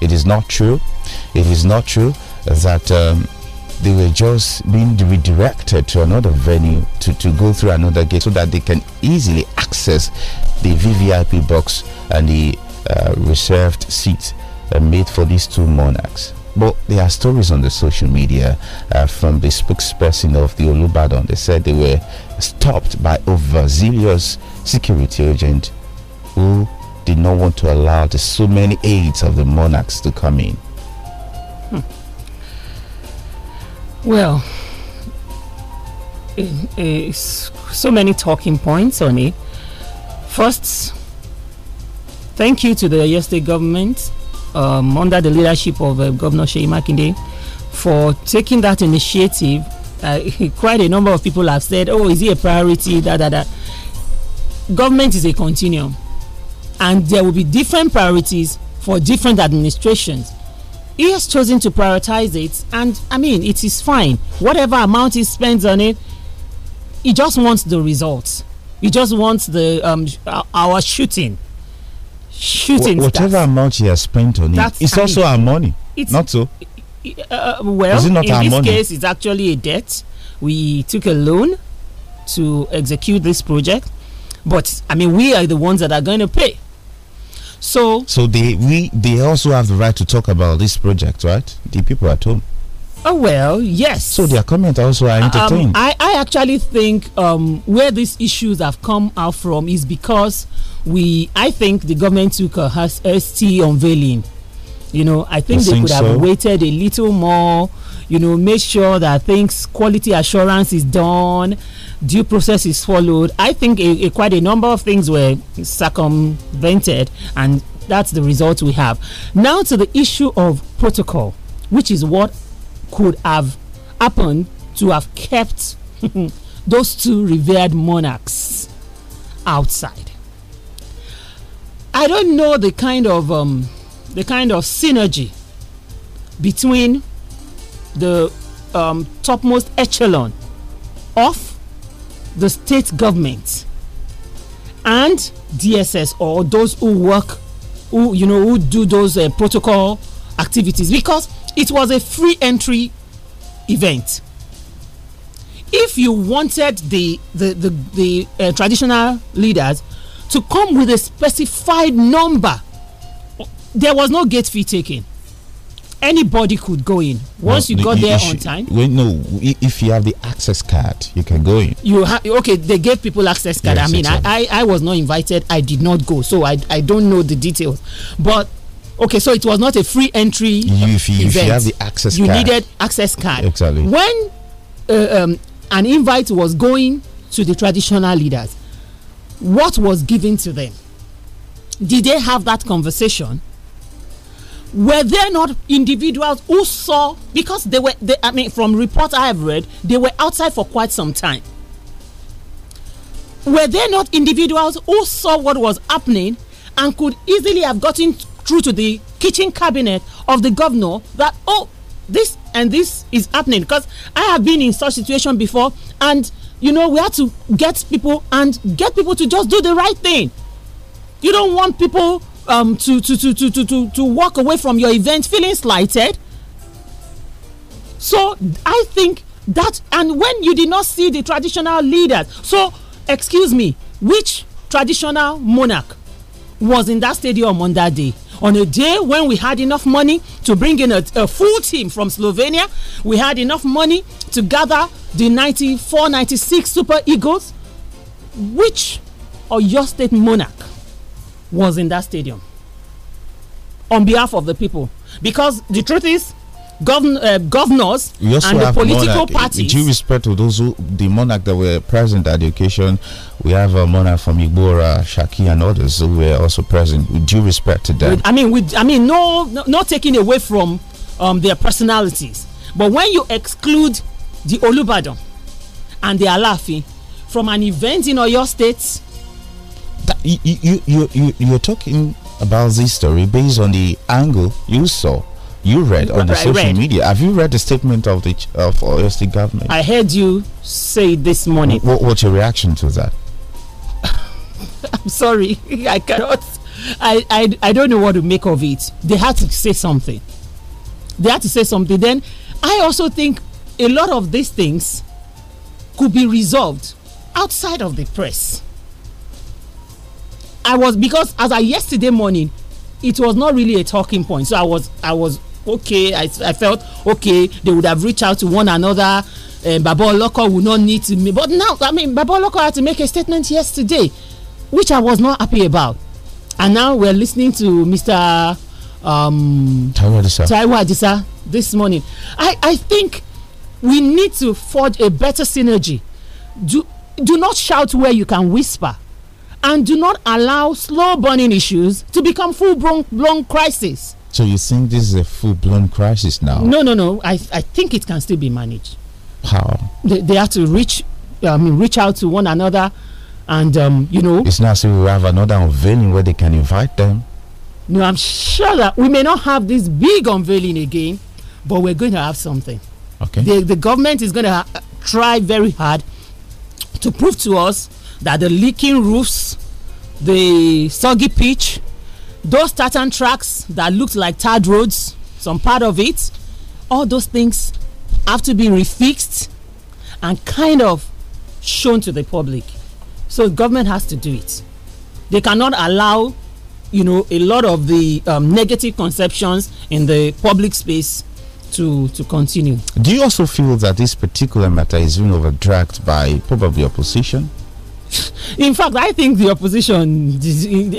It is not true. It is not true that um, they were just being redirected to another venue to, to go through another gate so that they can easily access the VVIP box and the uh, reserved seats uh, made for these two monarchs. But there are stories on the social media uh, from the spokesperson of the Olubadon. They said they were stopped by overzealous security agent who did not want to allow the so many aides of the monarchs to come in? Hmm. Well, it's eh, eh, so many talking points on it. First, thank you to the Oyo State government um, under the leadership of uh, Governor Shei Makinde for taking that initiative. Uh, quite a number of people have said, "Oh, is it a priority?" Da da da. Government is a continuum and there will be different priorities for different administrations. He has chosen to prioritize it, and I mean, it is fine. Whatever amount he spends on it, he just wants the results. He just wants the um, our shooting, shooting. Wh whatever amount he has spent on That's it, it's also our money. It's not so. Uh, uh, well, in this money? case, it's actually a debt. We took a loan to execute this project, but I mean, we are the ones that are going to pay. So, so they we they also have the right to talk about this project, right? The people at home. Oh well, yes. So their comments also are um, entertained. Um, I I actually think um, where these issues have come out from is because we I think the government took a has ST unveiling. You know, I think I they think could so. have waited a little more you know make sure that things quality assurance is done due process is followed i think a, a, quite a number of things were circumvented and that's the result we have now to the issue of protocol which is what could have happened to have kept those two revered monarchs outside i don't know the kind of um, the kind of synergy between the um, topmost echelon of the state government and DSS or those who work, who you know, who do those uh, protocol activities because it was a free entry event. If you wanted the the the, the uh, traditional leaders to come with a specified number, there was no gate fee taken anybody could go in once no, you got there on time. Wait, no, if you have the access card, you can go in. You have okay. They gave people access card. Yes, I mean, exactly. I, I, I was not invited. I did not go, so I I don't know the details, but. Okay, so it was not a free entry. You, if, you, event. if you have the access you card. needed access card. Exactly. When uh, um, an invite was going to the traditional leaders, what was given to them? Did they have that conversation? were there not individuals who saw because they were they, i mean from reports i have read they were outside for quite some time were there not individuals who saw what was happening and could easily have gotten through to the kitchen cabinet of the governor that oh this and this is happening because i have been in such situation before and you know we had to get people and get people to just do the right thing you don't want people um, to, to, to, to, to, to, to walk away from your event feeling slighted. So I think that, and when you did not see the traditional leaders, so excuse me, which traditional monarch was in that stadium on that day? on a day when we had enough money to bring in a, a, full team from Slovenia. We had enough money to gather the 94 96 Super Eagles. Which or your state monarch was in that stadium on behalf of the people. Because the truth is, govern, uh, governors and the political monarch, parties. Due respect to those who, the monarch that were present at the occasion, we have a monarch from Igbora, Shaki, and others who were also present. With due respect to them. With, I mean, with, I mean, no, no, not taking away from um, their personalities, but when you exclude the Olubadan and the Alafi from an event in Oyo State you, you, you, you, you're talking about this story based on the angle you saw you read on the I social read. media. Have you read the statement of the of Oyo State government? I heard you say this morning. What, what's your reaction to that? I'm sorry, I cannot. I, I I don't know what to make of it. They had to say something. They had to say something. Then I also think a lot of these things could be resolved outside of the press. I was because as I yesterday morning, it was not really a talking point. So I was I was okay. I, I felt okay. They would have reached out to one another. Uh, Babo Loko would not need to me. But now I mean Babo had to make a statement yesterday, which I was not happy about. And now we're listening to Mr. Um, Adisa this morning. I, I think we need to forge a better synergy. Do, do not shout where you can whisper and do not allow slow burning issues to become full blown crisis. So you think this is a full blown crisis now? No, no, no. I, I think it can still be managed. How? They, they have to reach, I mean, reach out to one another, and um, you know. It's not as so if we have another unveiling where they can invite them. No, I'm sure that we may not have this big unveiling again, but we're going to have something. Okay. The, the government is going to uh, try very hard to prove to us that the leaking roofs, the soggy pitch, those tartan tracks that looked like tarred roads, some part of it, all those things have to be refixed and kind of shown to the public. So government has to do it. They cannot allow, you know, a lot of the um, negative conceptions in the public space to to continue. Do you also feel that this particular matter is being overdragged by probably opposition? in fact, I think the opposition,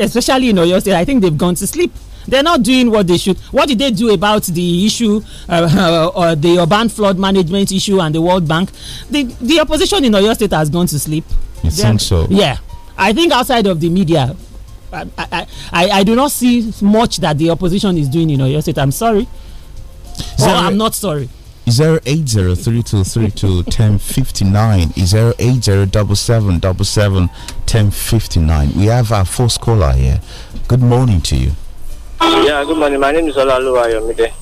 especially in Oyo State, I think they've gone to sleep. They're not doing what they should. What did they do about the issue, uh, uh, the urban flood management issue, and the World Bank? The the opposition in Oyo State has gone to sleep. It they so? Yeah, I think outside of the media, I, I, I, I do not see much that the opposition is doing in Oyo State. I'm sorry. So, I'm not sorry. 1059 is We have our first caller here. Good morning to you. Yeah, good morning. My name is Olaluwayomide.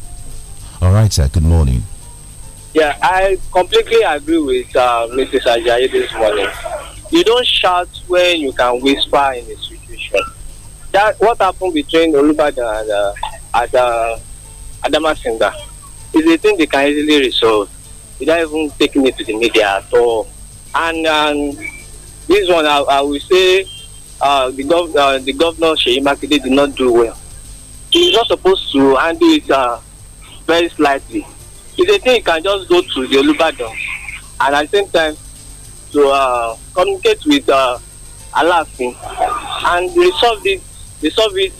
All right, sir. Good morning. Yeah, I completely agree with uh, Mrs. Ajayi this morning. You don't shout when you can whisper in a situation. That what happened between Olubadan and uh, Adamasinga is a thing they can easily resolve without even taking it to the media at all. And, this one, I, I will say uh, the, gov- uh, the governor, Sheyi Makinde, did not do well. He's not supposed to handle it uh, very slightly. It's a thing you can just go to the Olubadan and at the same time to uh, communicate with uh, and resolve it, resolve it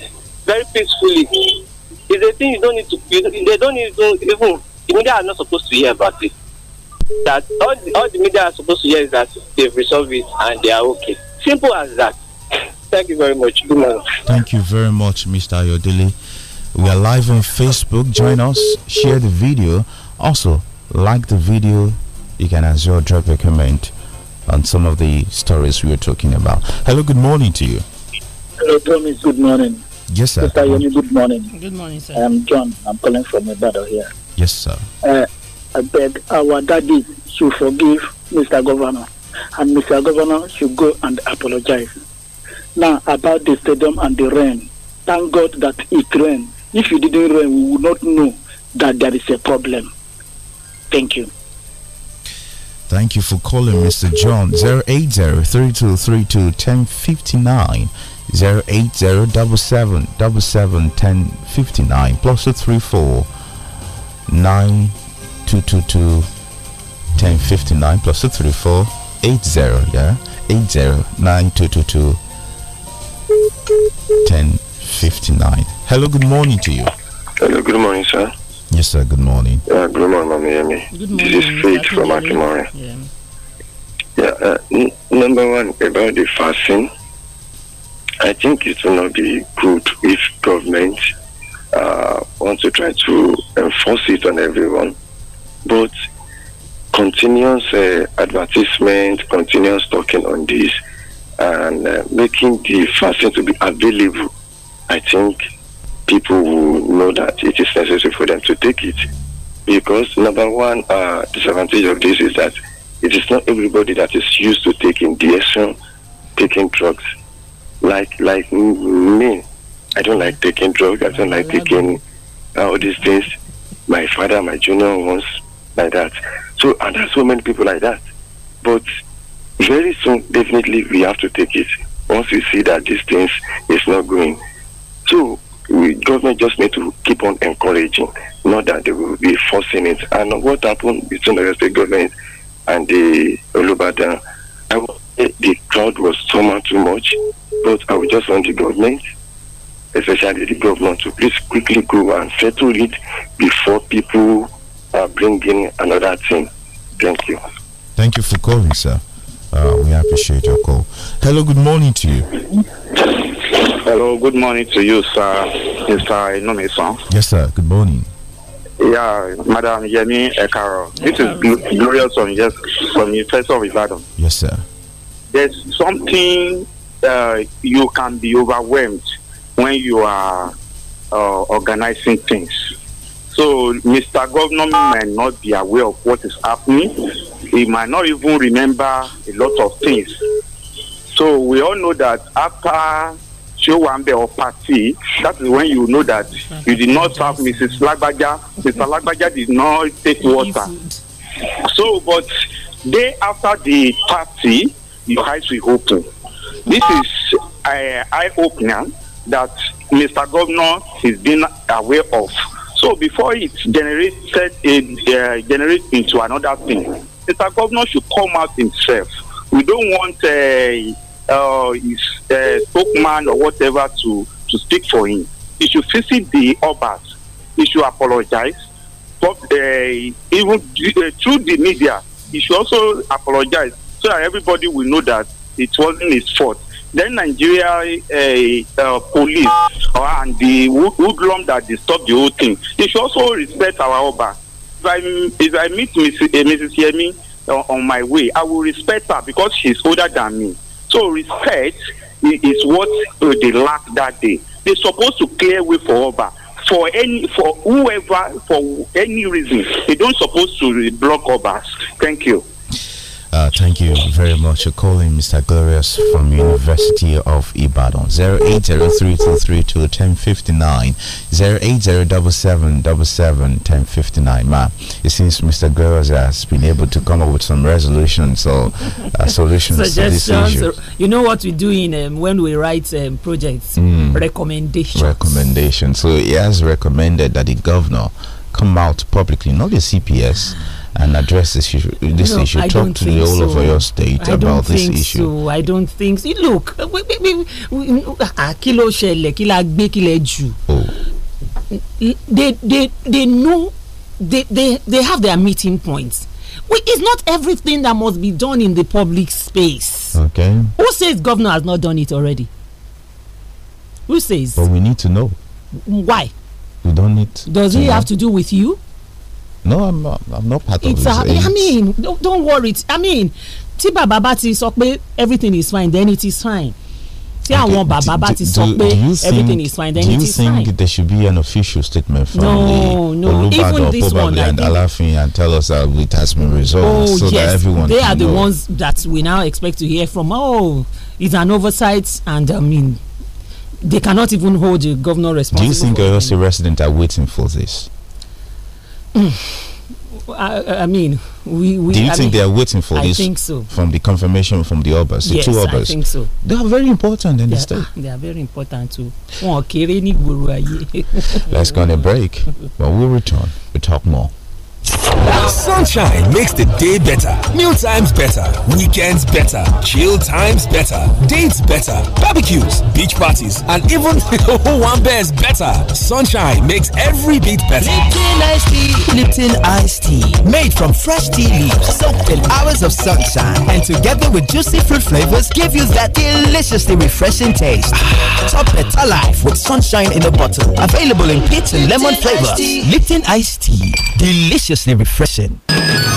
very peacefully. It's a thing you don't need to, you, they don't need to, even, the media are not supposed to hear about it. That all the, all the media are supposed to hear is that they've resolved it and they are okay. Simple as that. Thank you very much. Good morning. Thank you very much, Mr. Ayodele. We are live on Facebook. Join us, share the video. Also, like the video. You can as well drop a comment on some of the stories we were talking about. Hello, good morning to you. Hello, Thomas. Good morning. Yes, sir. Mr. Yemi, good morning. Good morning, sir. I'm John. I'm calling from brother here. Yes, sir. Uh, I beg our daddy to forgive Mr. Governor, and Mr. Governor should go and apologize. Now, about the stadium and the rain, thank God that it rained. If it didn't rain, we would not know that there is a problem. Thank you. Thank you for calling, Mr. John. 080 3232 1059. Zero eight zero double seven double seven ten fifty nine plus two three four nine two two two ten fifty nine plus two three four eight zero yeah eight zero nine two two two ten fifty nine hello good morning to you hello good morning sir yes sir good morning uh, good morning Mami good morning this is Faith from Akimori yeah, yeah uh, number one about the fasting I think it will not be good if government uh, wants to try to enforce it on everyone. But continuous uh, advertisement, continuous talking on this, and uh, making the vaccine to be available, I think people will know that it is necessary for them to take it. Because number one uh, disadvantage of this is that it is not everybody that is used to taking DSM, taking drugs like like me. I don't like taking drugs. I don't like taking uh, all these things. My father, my junior ones like that. So and there's so many people like that. But very soon, definitely, we have to take it. Once we see that these things is not going, so we, government just need to keep on encouraging, not that they will be forcing it. And what happened between the state government and the Olubadan, I was the, crowd was somehow too much. But I would just want the government, especially the government, to please quickly go and settle it before people are bringing another thing. Thank you. Thank you for calling, sir. Uh, we appreciate your call. Hello, good morning to you. Hello, good morning to you, sir. Mr. Inomison. Yes, sir. Good morning. Yeah, Madam Yemi Ekaro. This is glorious from yes from University of Ibadan. Yes, sir there's something uh, you can be overwhelmed when you are uh, organizing things. So, Mr. Governor might not be aware of what is happening. He might not even remember a lot of things. So, we all know that after show day of party, that is when you know that you did not have Mrs. Lagbaja. Mr. Lagbaja did not take water. So, but day after the party, your eyes will open. This is I eye now that Mr. Governor is being aware of. So before it generates, it uh, generate into another thing, Mr. Governor should come out himself. We don't want a uh, uh, uh, spokesman or whatever to, to speak for him. He should visit the others. He should apologize. But, uh, even uh, through the media, he should also apologize so that everybody will know that it wasn't his fault. Then Nigeria uh, uh, police uh, and the hoodlum that disturbed the whole thing. They should also respect our Oba. If I, if I meet Mrs. Uh, eh, Mrs. Yemi on my way, I will respect her because she's older than me. So respect is what they lack that day. They're supposed to clear way for Oba for any for whoever for any reason. They don't supposed to block Oba. Thank you. Uh, thank you very much for calling, Mr. Glorious from University of Ibadan. 08032321059, 08077771059. Ma, it seems Mr. Glorious has been able to come up with some resolutions or uh, solutions Suggestions. to this issue. You know what we do in um, when we write um, projects? Mm. Recommendations. Recommendations. So he has recommended that the governor come out publicly, not the CPS and address this issue. This no, issue. I Talk to the whole so. of your state I about this issue. So. I don't think so. Look, we we we we. Ah, kila oh. They, they, they know. They, they, they have their meeting points. We, it's not everything that must be done in the public space. Okay. Who says governor has not done it already? Who says? But we need to know. Why? We don't need. Does it know. have to do with you? no i'm not, i'm not part it's of this I mean don't, don't worry i mean tí bàbá bá ti sọ pé everything is fine then it is fine tí àwọn bàbá bá ti sọ pé everything is fine then it is fine. do you think there should be an official statement from no, the no. olùbàdàn probably and aláàfin and tell us that it has been resolved oh, so yes. that everyone they are the know. ones that we now expect to hear from oh it's an oversight and i mean they cannot even hold the governor responsible. do you think oyo state residents are waiting for this. I, I, mean, we. we Do you I think mean, they are waiting for I this? I think so. From the confirmation from the others, yes, the two Yes, I think so. They are very important in they the state. They are very important too. Let's go on a break. When we return, we we'll talk more. Sunshine makes the day better, meal times better, weekends better, chill times better, dates better, barbecues, beach parties, and even one bears better. Sunshine makes every bit better. Lipton iced tea, Lipton iced tea, made from fresh tea leaves, soaked in hours of sunshine, and together with juicy fruit flavors, give you that deliciously refreshing taste. Ah. Top it alive with sunshine in a bottle. Available in peach and lemon flavors. Lipton iced tea, deliciously refreshing Jackson.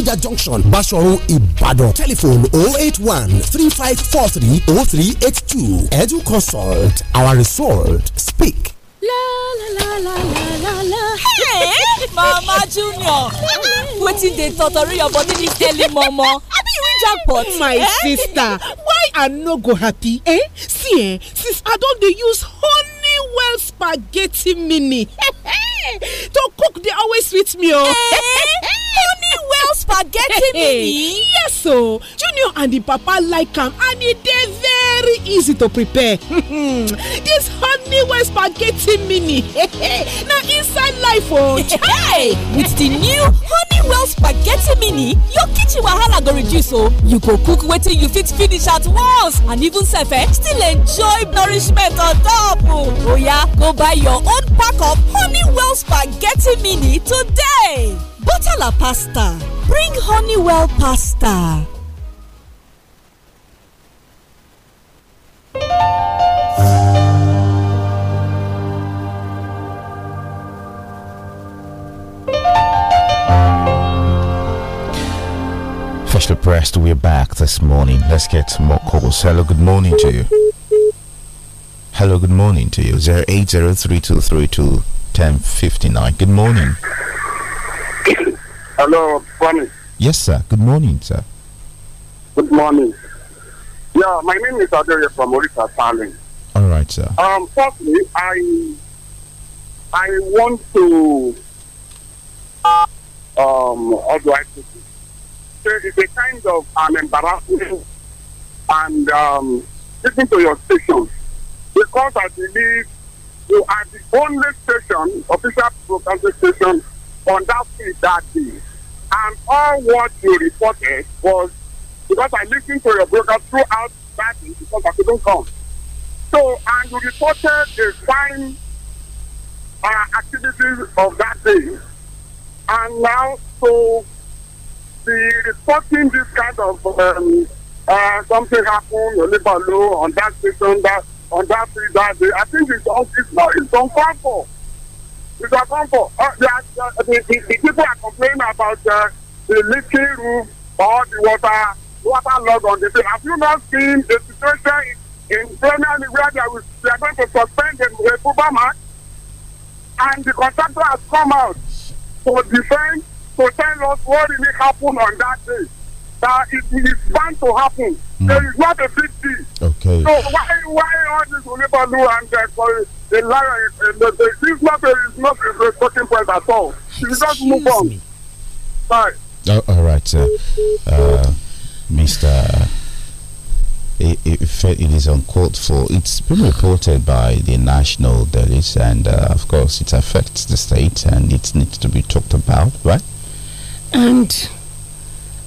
Bodija junction Basoro Ibadan telephone 081 3543 0382 Edu consult our result speak. La, la, la, hey mama junior wetin dey totori your body dis daily Mama? jackpot. Oh, my eh? sister why i no go happy eh see eh since i don dey use honeywell spaghetti mini. Eh, eh to cook dey always sweet me o. Oh. Eh? honeywell spaghetti mini. yes so junior and im papa like am and e dey very easy to prepare. this honeywell spaghetti mini na inside life o. Oh. with the new honeywell spaghetti mini your kitchen wahala go reduce o. Oh. you go cook wetin you fit finish at once and even sef eh still enjoy nourishment on top Oh yeah, go buy your own pack of honeywell Spaghetti Mini today. Butterlap Pasta. Bring Honeywell Pasta. freshly pressed. We're back this morning. Let's get more calls. Hello, good morning to you. Hello, good morning to you. 0803232 1059. Good morning. Hello, Kwame. Yes, sir. Good morning, sir. Good morning. Yeah, my name is Adria from Orita Saling. All right, sir. Um, firstly, I I want to um how do I put it? There is a kind of an embarrassment and um, listen to your station because I believe you are the only station, official broadcasting station, on that field that day. And all what you reported was because I listened to your broadcast throughout that day because I couldn't come. So, and you reported a fine uh, activities of that day. And now, so the reporting this kind of um, uh, something happened, Olibalo, on that station, that on that field that day. I think it's on, it's not it's uncalled campo. It's uncalled campo. Uh, they uh, the, the, the people are complaining about uh, the leaking roof or the water water log on the field. Have you not seen the situation in Premier League where they, will, they are going to suspend the uh, football match? And the contractor has come out to defend to tell us what really happened on that day. that it is bound to happen. Mm. There is not a big deal. Okay. So why why all this Olibalu and sorry, the liar? This the, is not a it's not a, talking point at all. Excuse just move on. Me. Bye. Oh, all right, uh, uh, Mr. it is uncalled for, it's been reported by the national dailies, and uh, of course, it affects the state, and it needs to be talked about, right? And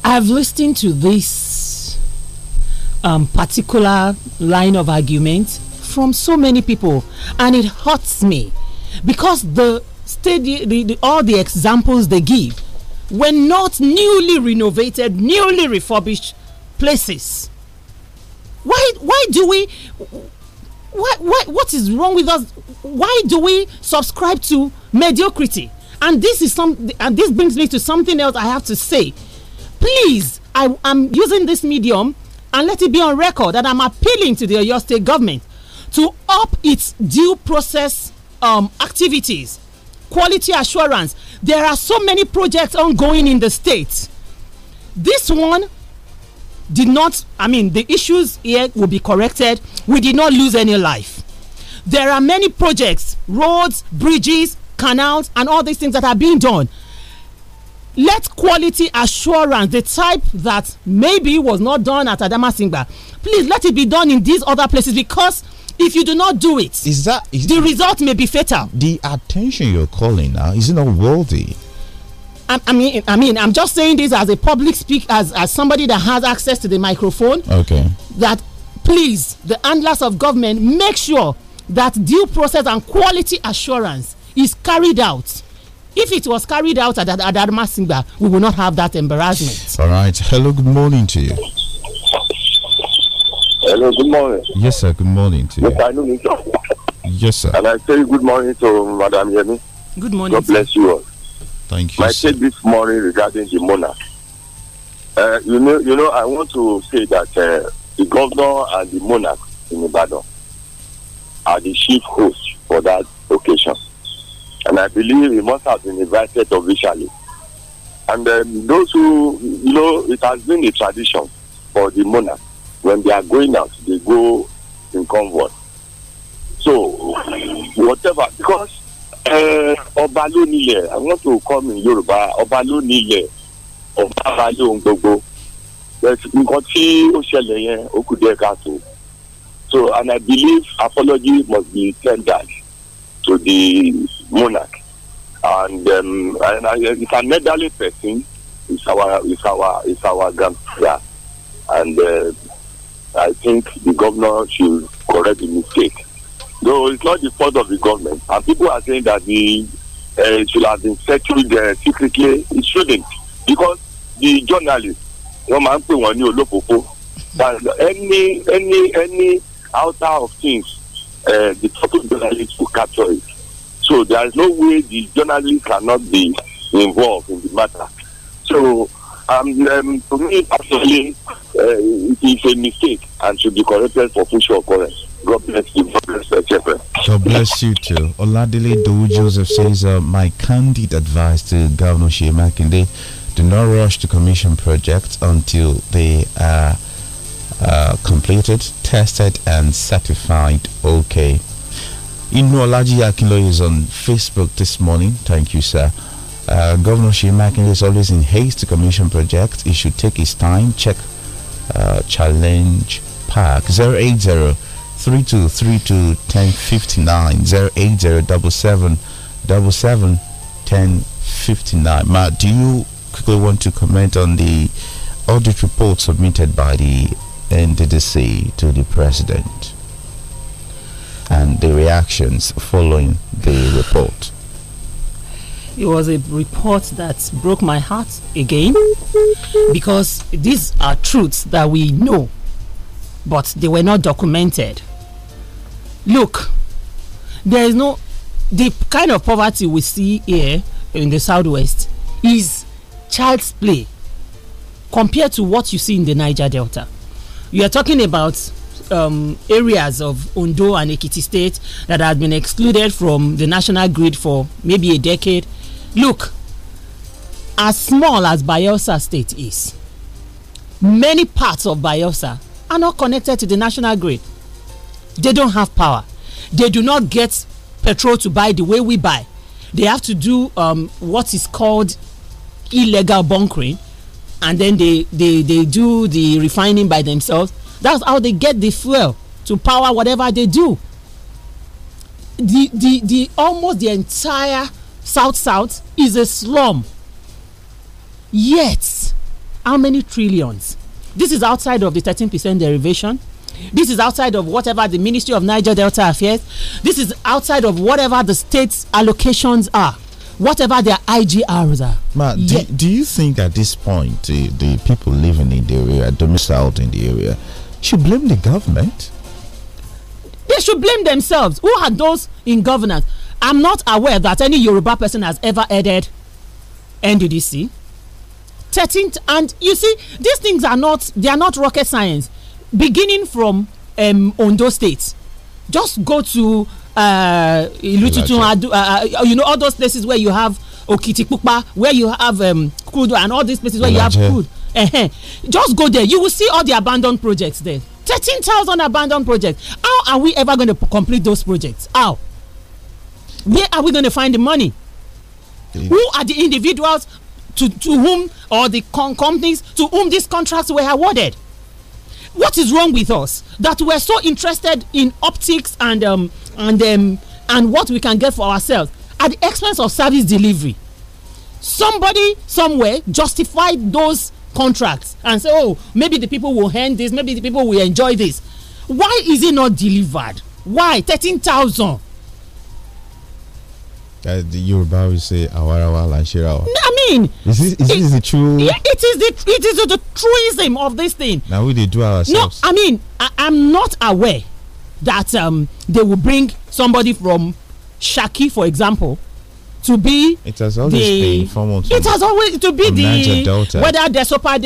I've listened to this um, particular line of argument from so many people, and it hurts me because the steady the, the, all the examples they give were not newly renovated, newly refurbished places. Why? Why do we? Why, why, what is wrong with us? Why do we subscribe to mediocrity? And this is some. And this brings me to something else I have to say please, I am using this medium and let it be on record that I'm appealing to the Oyo State government to up its due process um, activities, quality assurance. There are so many projects ongoing in the state. This one did not, I mean, the issues here will be corrected. We did not lose any life. There are many projects, roads, bridges, canals, and all these things that are being done let quality assurance the type that maybe was not done at Adamasingba please let it be done in these other places because if you do not do it is that is the result may be fatal the attention you're calling now is it not worthy I, mean, I mean, I'm just saying this as a public speak, as as somebody that has access to the microphone. Okay. That please, the handlers of government, make sure that due process and quality assurance is carried out if it was carried out at, at, at we would not have that embarrassment. All right. Hello, good morning to you. Hello, good morning. Yes, sir, good morning to you. Yes, sir. And I say good morning to Madam Yemi. Good morning. God bless you all. Thank you. My take this morning regarding the Uh, you know, you know, I want to say that uh, the governor and the monarch in Ibadan are the chief hosts for that occasion and I believe he must have been invited officially. And um, those who you know, it has been a tradition for the monarch when they are going out, they go in convoy. So, whatever, because ọba uh, ló nílẹ̀ I want to come in Yorùbá ọba ló nílẹ̀ ọba bá lóhun gbogbo nǹkan tí ó ṣẹlẹ̀ ó kù So and I believe apology must be tendered to the monarch. And, um, and uh, it's an elderly person. It's our, it's our, it's our grandfather. And uh, I think the governor should correct the mistake. Though it's not the fault of the government. And people are saying that the uh, should have been settled uh, secretly. It shouldn't. Because the journalist, wọ́n máa ń pè wọ́n ní olófòfó. Any, any, any outer of things, uh, the top journalist will capture it. So there is no way the journalist cannot be involved in the matter. So um, um, to me personally, uh, it is a mistake and should be corrected for future occurrence. God bless you. God bless you, God bless you too. Oladile Do Joseph says, uh, My candid advice to Governor Shea Makinde do not rush to commission projects until they are uh, completed, tested, and certified okay. Inuolaji Akinloye is on Facebook this morning. Thank you, sir. Uh, Governor Shimakin is always in haste to commission project. He should take his time. Check uh, Challenge Park 080 3232 1059 1059. Matt, do you quickly want to comment on the audit report submitted by the NDDC to the president? and the reactions following the report? It was a report that broke my heart again because these are truths that we know, but they were not documented. Look, there is no, the kind of poverty we see here in the southwest is child's play compared to what you see in the Niger Delta. You are talking about um, areas of Ondo and Ekiti State that had been excluded from the national grid for maybe a decade. Look, as small as Bayelsa State is, many parts of Bayelsa are not connected to the national grid. They don't have power. They do not get petrol to buy the way we buy. They have to do um, what is called illegal bunkering and then they, they, they do the refining by themselves that's how they get the fuel to power whatever they do. The the the almost the entire South South is a slum. Yet, how many trillions? This is outside of the 13% derivation. This is outside of whatever the Ministry of Niger Delta Affairs. This is outside of whatever the state's allocations are, whatever their IGRs are. Ma, do, do, you think at this point the, the people living in the area, domiciled in the area, should blame the government. They should blame themselves. Who are those in governance? I'm not aware that any Yoruba person has ever headed NDDC. 13th, and you see, these things are not, they are not rocket science. Beginning from um, Ondo State, just go to uh, uh, uh, you know, all those places where you have Okitipupa, where you have um, Kudu, and all these places where Elijah. you have Kudu uh -huh. Just go there. You will see all the abandoned projects there. 13,000 abandoned projects. How are we ever going to complete those projects? How? Where are we going to find the money? Who are the individuals to, to whom or the companies to whom these contracts were awarded? What is wrong with us that we're so interested in optics and um, and um, and what we can get for ourselves at the expense of service delivery? Somebody somewhere justified those contracts and say, oh, maybe the people will hand this, maybe the people will enjoy this. Why is it not delivered? Why? 13,000. Uh, the Yoruba will say awarawa lanshirawa. I mean, is this, is it, this the true? Yeah, it is the it is the truism of this thing. Now we they do ourselves. No, I mean I, am not aware that um they will bring somebody from Shaki, for example, to be it has always the, been formal to it has always to be the Delta, whether the super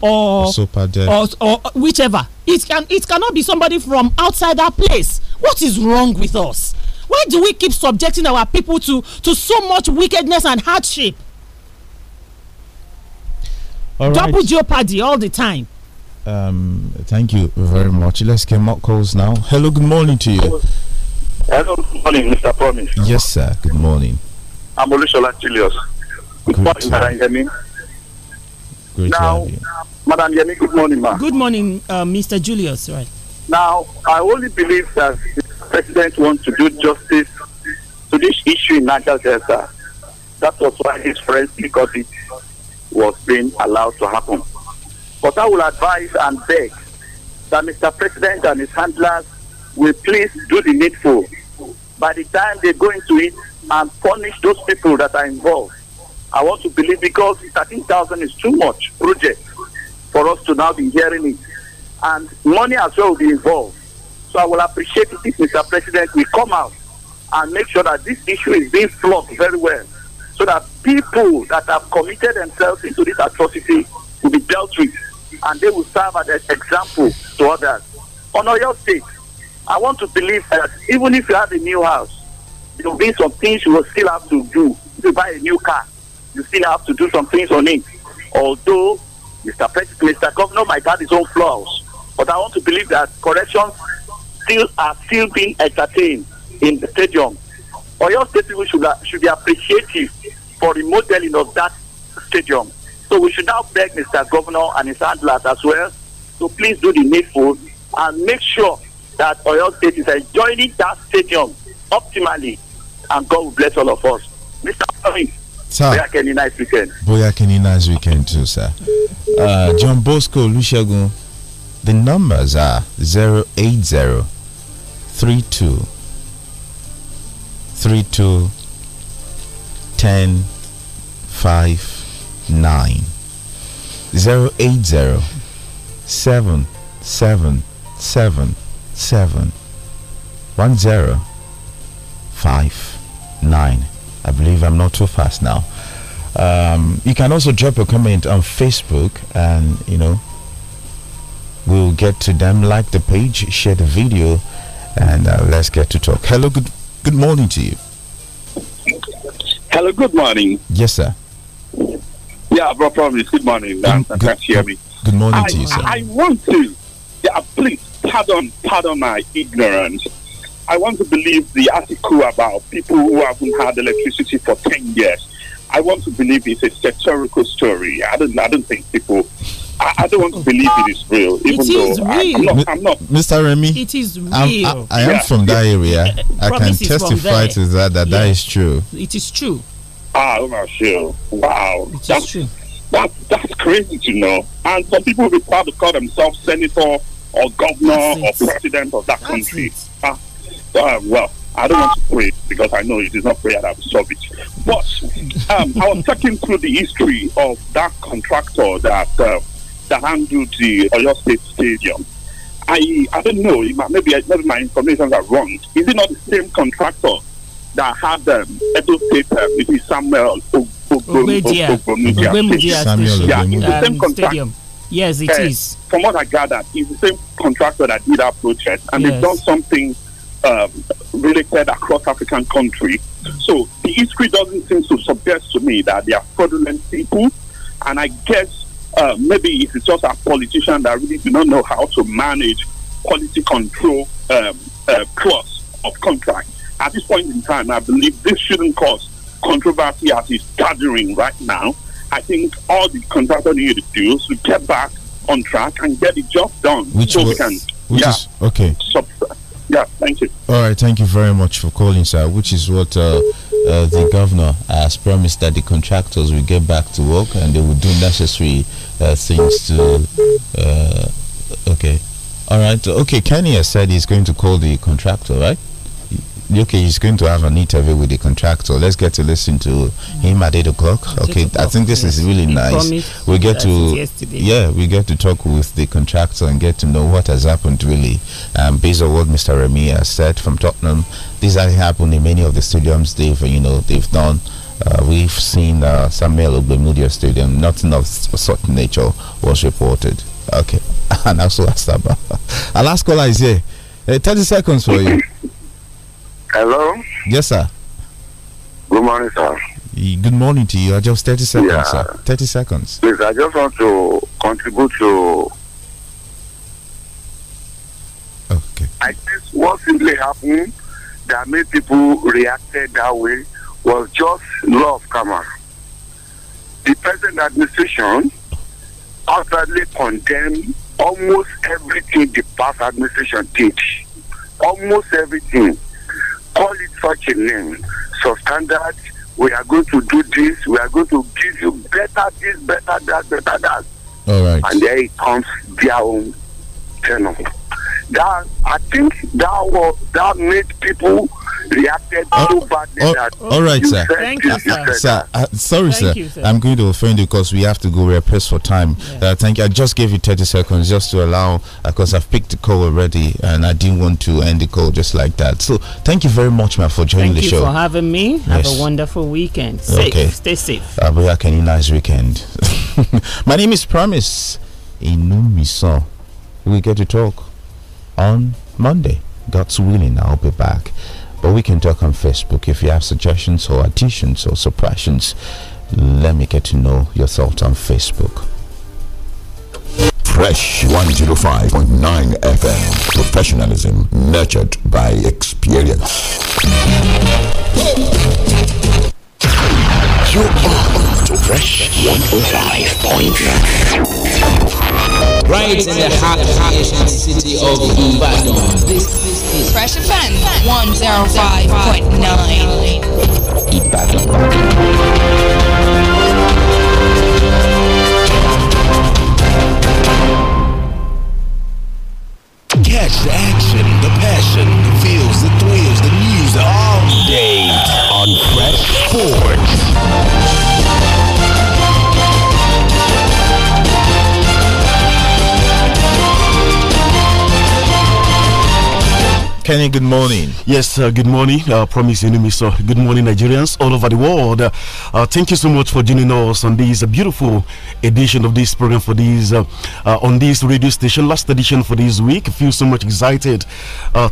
or, or super or, or whichever it can it cannot be somebody from outside that place what is wrong with us why do we keep subjecting our people to to so much wickedness and hardship all double right. jeopardy all the time um, thank you very much let's get more calls now hello good morning to you hello good morning mr promise yes sir good morning Julius. Good morning, Madam Yemi. Great now, Madam Yemi, good morning, ma'am. Good morning, uh, Mr. Julius. Right. Now, I only believe that the president wants to do justice to this issue in Niger Delta. That was why his friends because it was being allowed to happen. But I will advise and beg that Mr. President and his handlers will please do the needful. By the time they go into it, and punish those people that are involved. I want to believe because 13,000 is too much project for us to now be hearing it. And money as well will be involved. So I will appreciate if Mr. President will come out and make sure that this issue is being flogged very well so that people that have committed themselves into this atrocity will be dealt with and they will serve as an example to others. On your State, I want to believe that even if you have a new house, there will be some things you will still have to do. If you buy a new car, you still have to do some things on it. Although Mr. President, Mr. Governor might have his own flaws, but I want to believe that corrections still are still being entertained in the stadium. Oil State people should, should be appreciative for the modeling of that stadium. So we should now beg Mr. Governor and his handlers as well to so please do the needful and make sure that Oil State is enjoying that stadium optimally and God will bless all of us. Mr. Tommy, Sir. Bóyá kẹ́ni nice weekend. Bóyá kẹ́ni nice weekend too, sir. Uh, John Bosco Olusegun, the numbers are 080 32 32 10 5 9 080 7 7 7 7 1 5 nine. I believe I'm not too fast now. Um, you can also drop a comment on Facebook, and you know we'll get to them. Like the page, share the video, and uh, let's get to talk. Hello, good good morning to you. Hello, good morning. Yes, sir. Yeah, no promise. Good morning. good, uh, good, hear me. Good morning I, to you, sir. I want to. Yeah, please pardon, pardon my ignorance. I want to believe the article about people who haven't had electricity for 10 years. I want to believe it's a satirical story. I don't, I don't think people. I, I don't want to believe it is real, even it is though real. I, am not, I'm not. Mr. Remy, it is real. I'm, I, I am yeah. from that area. Uh, uh, I can testify to that that yeah. that is true. It is true. Ah, oh my sure. Wow, it that's true. That, that's crazy to know. And some people will be proud to call themselves senator or governor or president of that that's country. Ah, uh, well, I don't want to pray because I know it is not prayer that will solve it. But um, I was checking through the history of that contractor that uh, that handled the Oyo State Stadium. I I don't know. Maybe maybe my information are wrong. Is it not the same contractor that had um, Edo State? Um, uh, it is Samuel Ogbemudia. Ogbemudia Station. Yeah, the same um, contractor. Yes, it uh, is. From what I gathered, it's the same contractor that did that project, and yes. they've done something um, related across African countries. So the history doesn't seem to suggest to me that they are fraudulent people. And I guess uh, maybe it is just a politician that really do not know how to manage quality control um, uh, of contract. At this point in time, I believe this shouldn't cause controversy as it's gathering right now. I think all the contractor need to do is to get back on track and get the job done. Which so was, we can, yeah, is, okay. Yeah, thank you. All right, thank you very much for calling, sir, which is what uh, uh, the governor has promised that the contractors will get back to work and they will do necessary uh, things to. Uh, okay. All right. Okay, Kenny has said he's going to call the contractor, right? okay, he's going to have an interview with the contractor. Let's get to listen to him at eight o'clock. okay, I think this is really nice. We get to yeah, we get to talk with the contractor and get to know what has happened really, um, based on what Mr. Remy has said from Tottenham. This has happened in many of the stadiums they've you know they've done. Uh, we've seen uh, Samuel Media Stadium. Nothing of such nature was reported. Okay, and also Asaba. Our last caller is here. Uh, Thirty seconds for you. Hello? Yes, sir. Good morning, sir. Good morning to you. I Just 30 seconds, yeah. sir. 30 seconds. Please, I just want to contribute to. Okay. I guess what simply happened that made people reacted that way was just love, karma. The present administration utterly condemned almost everything the past administration did. Almost everything call it such a name. Substandard, we are going to do this, we are going to give you better this, better that, better that. All right. And there it comes their own tenor. That I think that was that made people reacted oh, so badly oh, that. Oh, all right, sir. Thank you, sir. sir uh, sorry, sir. You, sir. I'm going to offend you because we have to go. We're pressed for time. Yeah. Uh, thank you. I just gave you 30 seconds just to allow, because uh, I've picked the call already and I didn't want to end the call just like that. So thank you very much, man, for joining thank the show. Thank you for having me. Yes. Have a wonderful weekend. Safe. Okay. Stay safe. I'll be back nice weekend. My name is Promise Inumiso. We get to talk on Monday. God's willing, I'll be back. But we can talk on Facebook. If you have suggestions or additions or suppressions, let me get to know your thoughts on Facebook. Fresh 105.9 FM. Professionalism nurtured by experience. You are on Fresh 105.9 right in the hot Asian city of Ibadan. This, is Fresh Offense 105.9 Ibadan. Catch the action, the passion, the feels, the thrills, the news all day on Fresh Sports. Kenny, good morning. Yes, uh, good morning. I uh, promise you, me so. Good morning, Nigerians all over the world. Uh, thank you so much for joining us on this uh, beautiful edition of this program for this uh, uh, on this radio station, last edition for this week. feel so much excited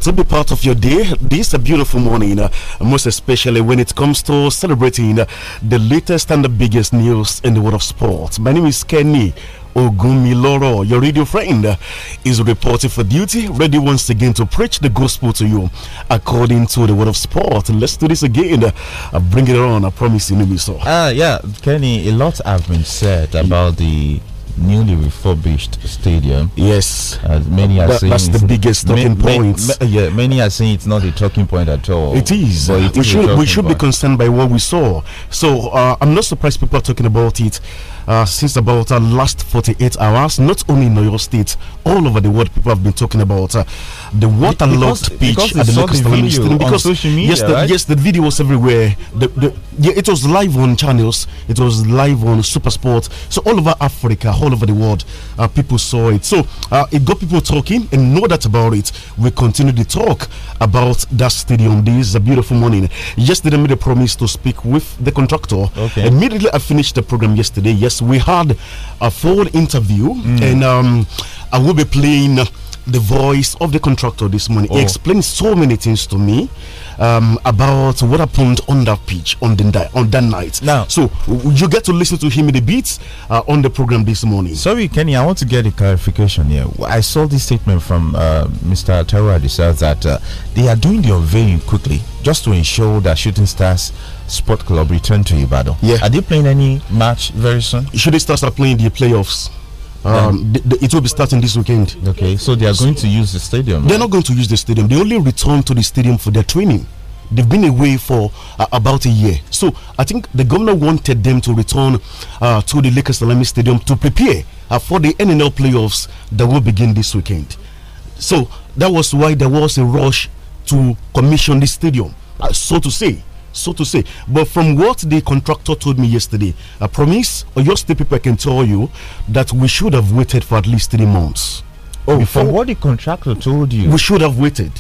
to be part of your day. This is a beautiful morning, most especially when it comes to celebrating the latest and the biggest news in the world of sports. My name is Kenny. Ogumiloro, your radio friend, is reported for duty, ready once again to preach the gospel to you according to the word of sport. Let's do this again. I uh, bring it on, I promise you, Numiso. Ah, uh, yeah, Kenny, a lot have been said about the newly refurbished stadium. Yes, as many are saying that's the biggest talking point. yeah, many are saying it's not a talking point at all. It is. It we is should we should point. be concerned by what we saw. So uh, I'm not surprised people are talking about it uh, since about uh, last 48 hours. Not only in your State, all over the world, people have been talking about uh, the waterlogged pitch at the Lucas Stadium. Because, because social media, yes, the, right? yes, the video was everywhere. The, the, yeah, it was live on channels. It was live on Super Sport. So all over Africa all over the world. Uh, people saw it. So uh, it got people talking and know that about it. We continue to talk about that stadium. This is a beautiful morning. Yesterday, I made a promise to speak with the contractor. Okay. Immediately, I finished the program yesterday. Yes, we had a full interview mm. and um, I will be playing the voice of the contractor this morning. Oh. He explained so many things to me um, about what happened on that pitch on the on that night. Now, so you get to listen to him in the beats uh, on the program this morning. Sorry, Kenny, I want to get a clarification here. I saw this statement from uh, Mr. Terra says that uh, they are doing the unveiling quickly just to ensure that Shooting Stars Sport Club return to Ibadan. Yeah, are they playing any match very soon? Shooting Stars are playing the playoffs. Um, yeah. it will be starting this weekend. Okay, so they are going to use the stadium. They're right? not going to use the stadium. They only return to the stadium for their training. They've been away for uh, about a year. So I think the governor wanted them to return uh, to the Lakers Salami Stadium to prepare uh, for the NNL playoffs that will begin this weekend. So that was why there was a rush to commission this stadium, uh, so to say so to say. But from what the contractor told me yesterday, I promise, or your state people can tell you that we should have waited for at least three months. Oh, before from what the contractor told you, we should have waited.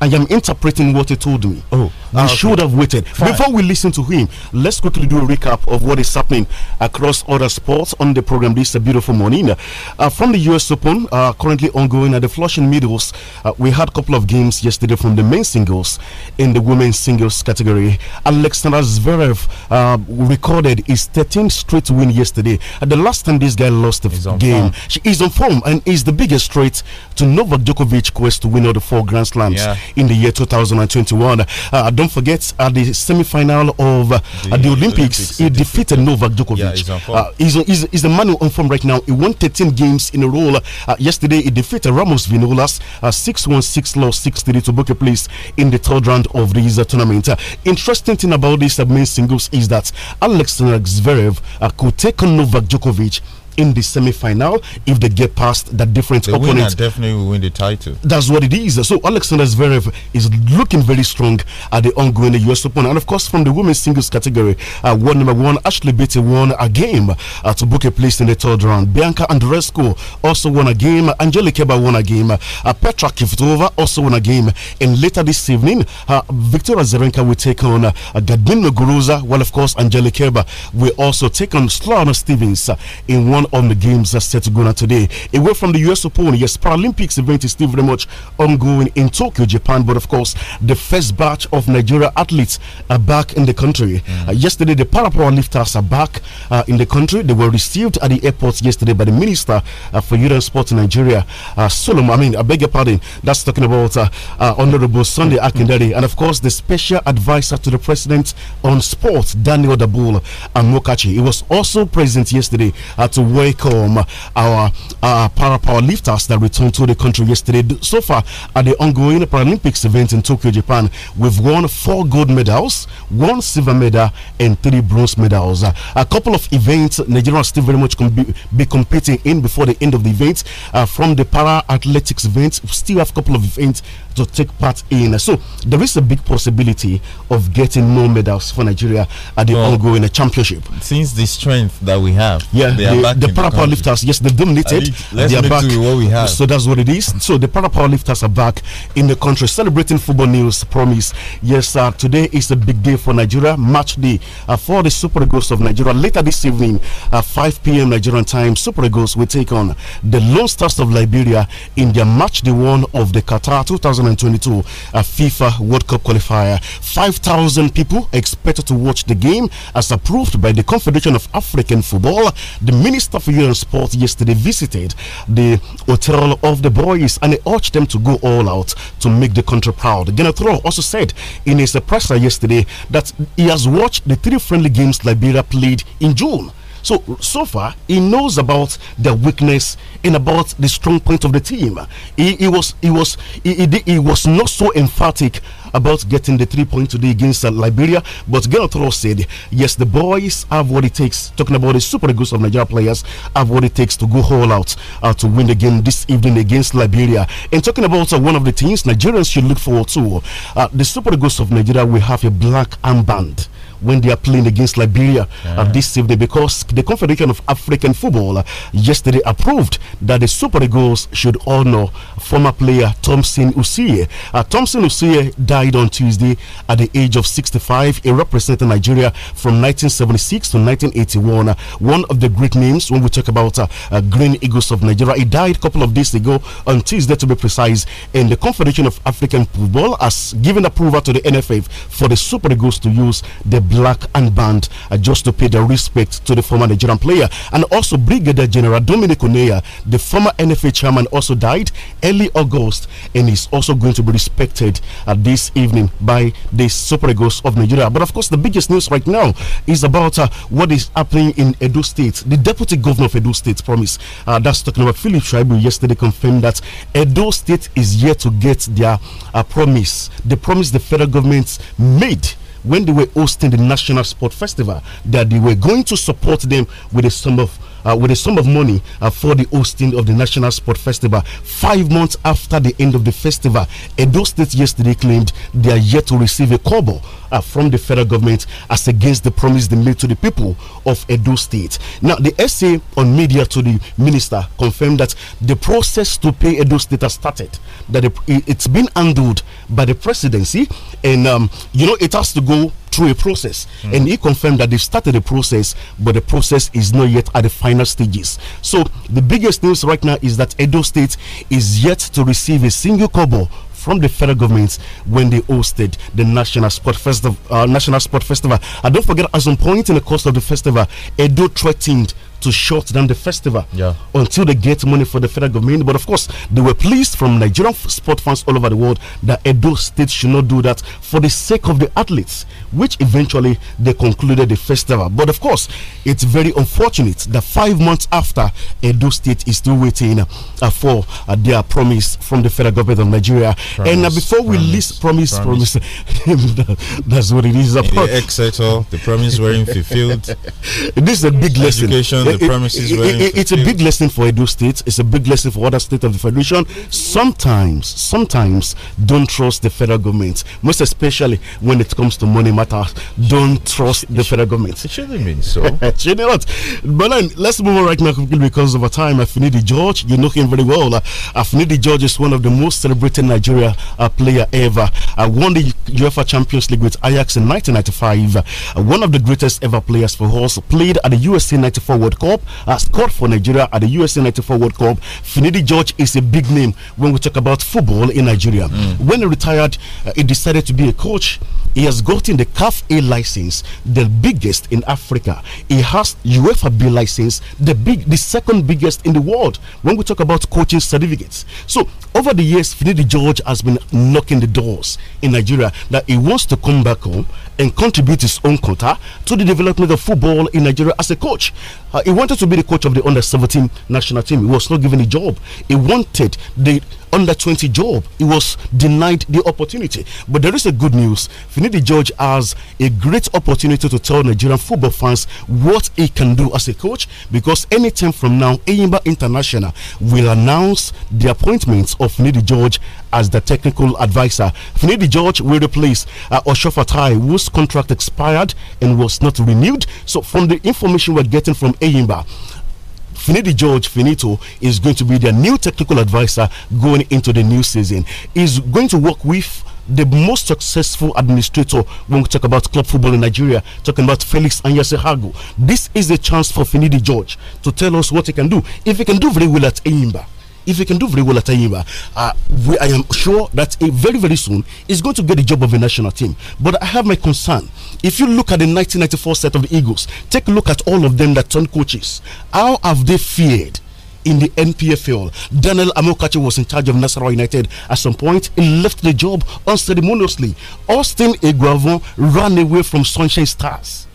I am interpreting what he told me. Oh. We ah, okay. should have waited. Fine. Before we listen to him, let's quickly do a recap of what is happening across other sports on the program this a beautiful morning. Uh, from the US Open, uh, currently ongoing at the Flushing Meadows, uh, we had a couple of games yesterday from the men's singles in the women's singles category. Alexander Zverev uh, recorded his 13th straight win yesterday. the last time this guy lost the game, she is on form and is the biggest straight to Novak Djokovic quest to win all the four Grand Slams yeah. in the year 2021. Uh, don't forget, at the semi-final of uh, the, the, Olympics, Olympics he defeated Novak Djokovic. Yeah, he's, uh, he's, he's, the man on form right now. He won 13 games in a row. Uh, yesterday, he defeated Ramos Vinolas 6-1, uh, 6 6-3 to book a place in the third round of this tournament. interesting thing about this uh, men's singles is that Alexander Zverev could take on Novak Djokovic in the semi final if they get past that different the opponent. Winner definitely will win the title. That's what it is. So Alexander Zverev is looking very strong at the ongoing US Open. And of course, from the women's singles category, uh, world number one, Ashley Beatty won a game uh, to book a place in the third round. Bianca Andrescu also won a game. Angelique Keba won a game. Uh, Petra Kvitova also won a game. And later this evening, uh, Victoria Zerenka will take on uh, Gadmin Guruza, while of course Angelique Keba will also take on Sloana Stevens uh, in one one on the games that's set to go today. Away from the US Open, yes, Paralympics event is still very much ongoing in Tokyo, Japan, but of course, the first batch of Nigeria athletes are back in the country. Mm. Uh, yesterday, the para power lifters are back uh, in the country. They were received at the airport yesterday by the Minister uh, for Youth and Sport in Nigeria, uh, Solomon. I mean, I beg your pardon, that's talking about uh, uh, Honorable Sunday Akindari, and of course, the special advisor to the President on Sports, Daniel Dabul and Mokachi. He was also present yesterday uh, to welcome our uh, para lifters that returned to the country yesterday. So far, at the ongoing Paralympics event in Tokyo, Japan, we've won four gold medals, one silver medal, and three bronze medals. Uh, a couple of events Nigeria will still very much com be, be, competing in before the end of the event. Uh, from the para athletics event, we still have a couple of events to take part in. So there is a big possibility of getting more medals for Nigeria at the well, ongoing championship. Since the strength that we have, yeah, they, the para powerlifters, yes, they've dominated. They are back. So that's what it is. So the para powerlifters are back in the country celebrating football news. Promise. Yes, sir. Uh, today is a big day for Nigeria. Match day uh, for the Super Eagles of Nigeria. Later this evening, uh, 5 p.m. Nigerian time, Super Eagles will take on the Lone Stars of Liberia in their match day one of the Qatar 2022 uh, FIFA World Cup qualifier. 5,000 people expected to watch the game as approved by the Confederation of African Football. The Minister of for Sport yesterday visited the hotel of the boys and he urged them to go all out to make the country proud. Genethro also said in his presser yesterday that he has watched the three friendly games Liberia played in June. So, so far, he knows about the weakness and about the strong point of the team. He, he was, he was, he, he, he was not so emphatic about getting the three points today against uh, Liberia. But Genotoro said, yes, the boys have what it takes. Talking about the Super Eagles of Nigeria players have what it takes to go all out uh, to win the game this evening against Liberia. And talking about uh, one of the things Nigerians should look forward to, uh, the Super Eagles of Nigeria will have a black armband when they are playing against Liberia yeah. this evening because the Confederation of African Football yesterday approved that the Super Eagles should honor former player Thompson Usie. Uh, Thompson Usie died on Tuesday at the age of 65. He represented Nigeria from 1976 to 1981. Uh, one of the great names when we talk about uh, Green Eagles of Nigeria. He died a couple of days ago on Tuesday to be precise. And the Confederation of African Football has given approval to the NFF for the Super Eagles to use the black armband uh, just to pay their respect to the former Nigerian player. And also, Brigadier General Dominic Oneya, the former NFA chairman, also died early August and is also going to be respected uh, this evening by the Super Eagles of Nigeria. But of course, the biggest news right now is about uh, what is happening in Edo State. The deputy governor of Edo State, promise, uh, that's talking about Philip Tribu, yesterday confirmed that Edo State is yet to get their uh, promise, the promise the federal government made when they were hosting the National Sport Festival that they were going to support them with a sum of uh, with a sum of money uh, for the hosting of the National Sport Festival. Five months after the end of the festival, Edo State yesterday claimed they are yet to receive a kobo uh, from the federal government as against the promise they made to the people of Edo State. Now, the essay on media to the minister confirmed that the process to pay Edo State has started, that it's been handled by the presidency, and um, you know, it has to go through a process. Mm. And he confirmed that they've started the process, but the process is not yet at the final stages. So the biggest news right now is that Edo State is yet to receive a single kobo from the federal government when they hosted the National Sport Festival. Uh, National Sport Festival. And don't forget, at some point in the course of the festival, Edo threatened to shut down the festival yeah. until they get money for the federal government. But of course, they were pleased from Nigerian sport fans all over the world that Edo State should not do that for the sake of the athletes, which eventually they concluded the festival. But of course, it's very unfortunate that five months after Edo State is still waiting uh, for uh, their promise from the federal government of Nigeria. Promise, and uh, before we list promise, promise, promise. that's what it is about. The the promise weren't fulfilled. this is a big lesson. Education it, premises it, it, it's a big lesson for Edo State. It's a big lesson for other states of the federation. Sometimes, sometimes, don't trust the federal government, most especially when it comes to money matters. Don't trust the federal government. It shouldn't mean so. should not. But then let's move on right now quickly because of our time. Afinidi George, you know him very well. Uh, Afinidi George is one of the most celebrated Nigeria uh, player ever. I uh, won the UEFA Champions League with Ajax in 1995. Uh, one of the greatest ever players for us. Played at the USA 94 World Cup. Cup, uh, scored for Nigeria at the USA 94 World Cup. Finidi George is a big name when we talk about football in Nigeria. Mm. When he retired, uh, he decided to be a coach. He has gotten the CAF A license, the biggest in Africa. He has UEFA B license, the big, the second biggest in the world. When we talk about coaching certificates, so over the years, Finidi George has been knocking the doors in Nigeria that he wants to come back home and contribute his own quota to the development of football in Nigeria as a coach. Uh, he wanted to be the coach of the under 17 national team. He was not given a job. He wanted the under 20 job. He was denied the opportunity. But there is a good news. Finidi George has a great opportunity to tell Nigerian football fans what he can do as a coach because anytime from now, Eyimba International will announce the appointment of Finidi George as the technical advisor. Finidi George will replace uh, Oshofatai, whose contract expired and was not renewed. So, from the information we're getting from Eyimba, Finidi George Finito is going to be their new technical advisor going into the new season. He's going to work with the most successful administrator when we talk about club football in Nigeria, talking about Felix Anyasehago. This is a chance for Finidi George to tell us what he can do. If he can do very well at Eimba, if he can do very well at Ayimba, uh, we, I am sure that very, very soon he's going to get the job of a national team. But I have my concern. If you look at the 1994 set of the Eagles, take a look at all of them that turned coaches. How have they fared? in the NPFL. Daniel Amokachi was in charge of Nasarawa United. At some point, he left the job unceremoniously. Austin Eguavon ran away from Sunshine Stars.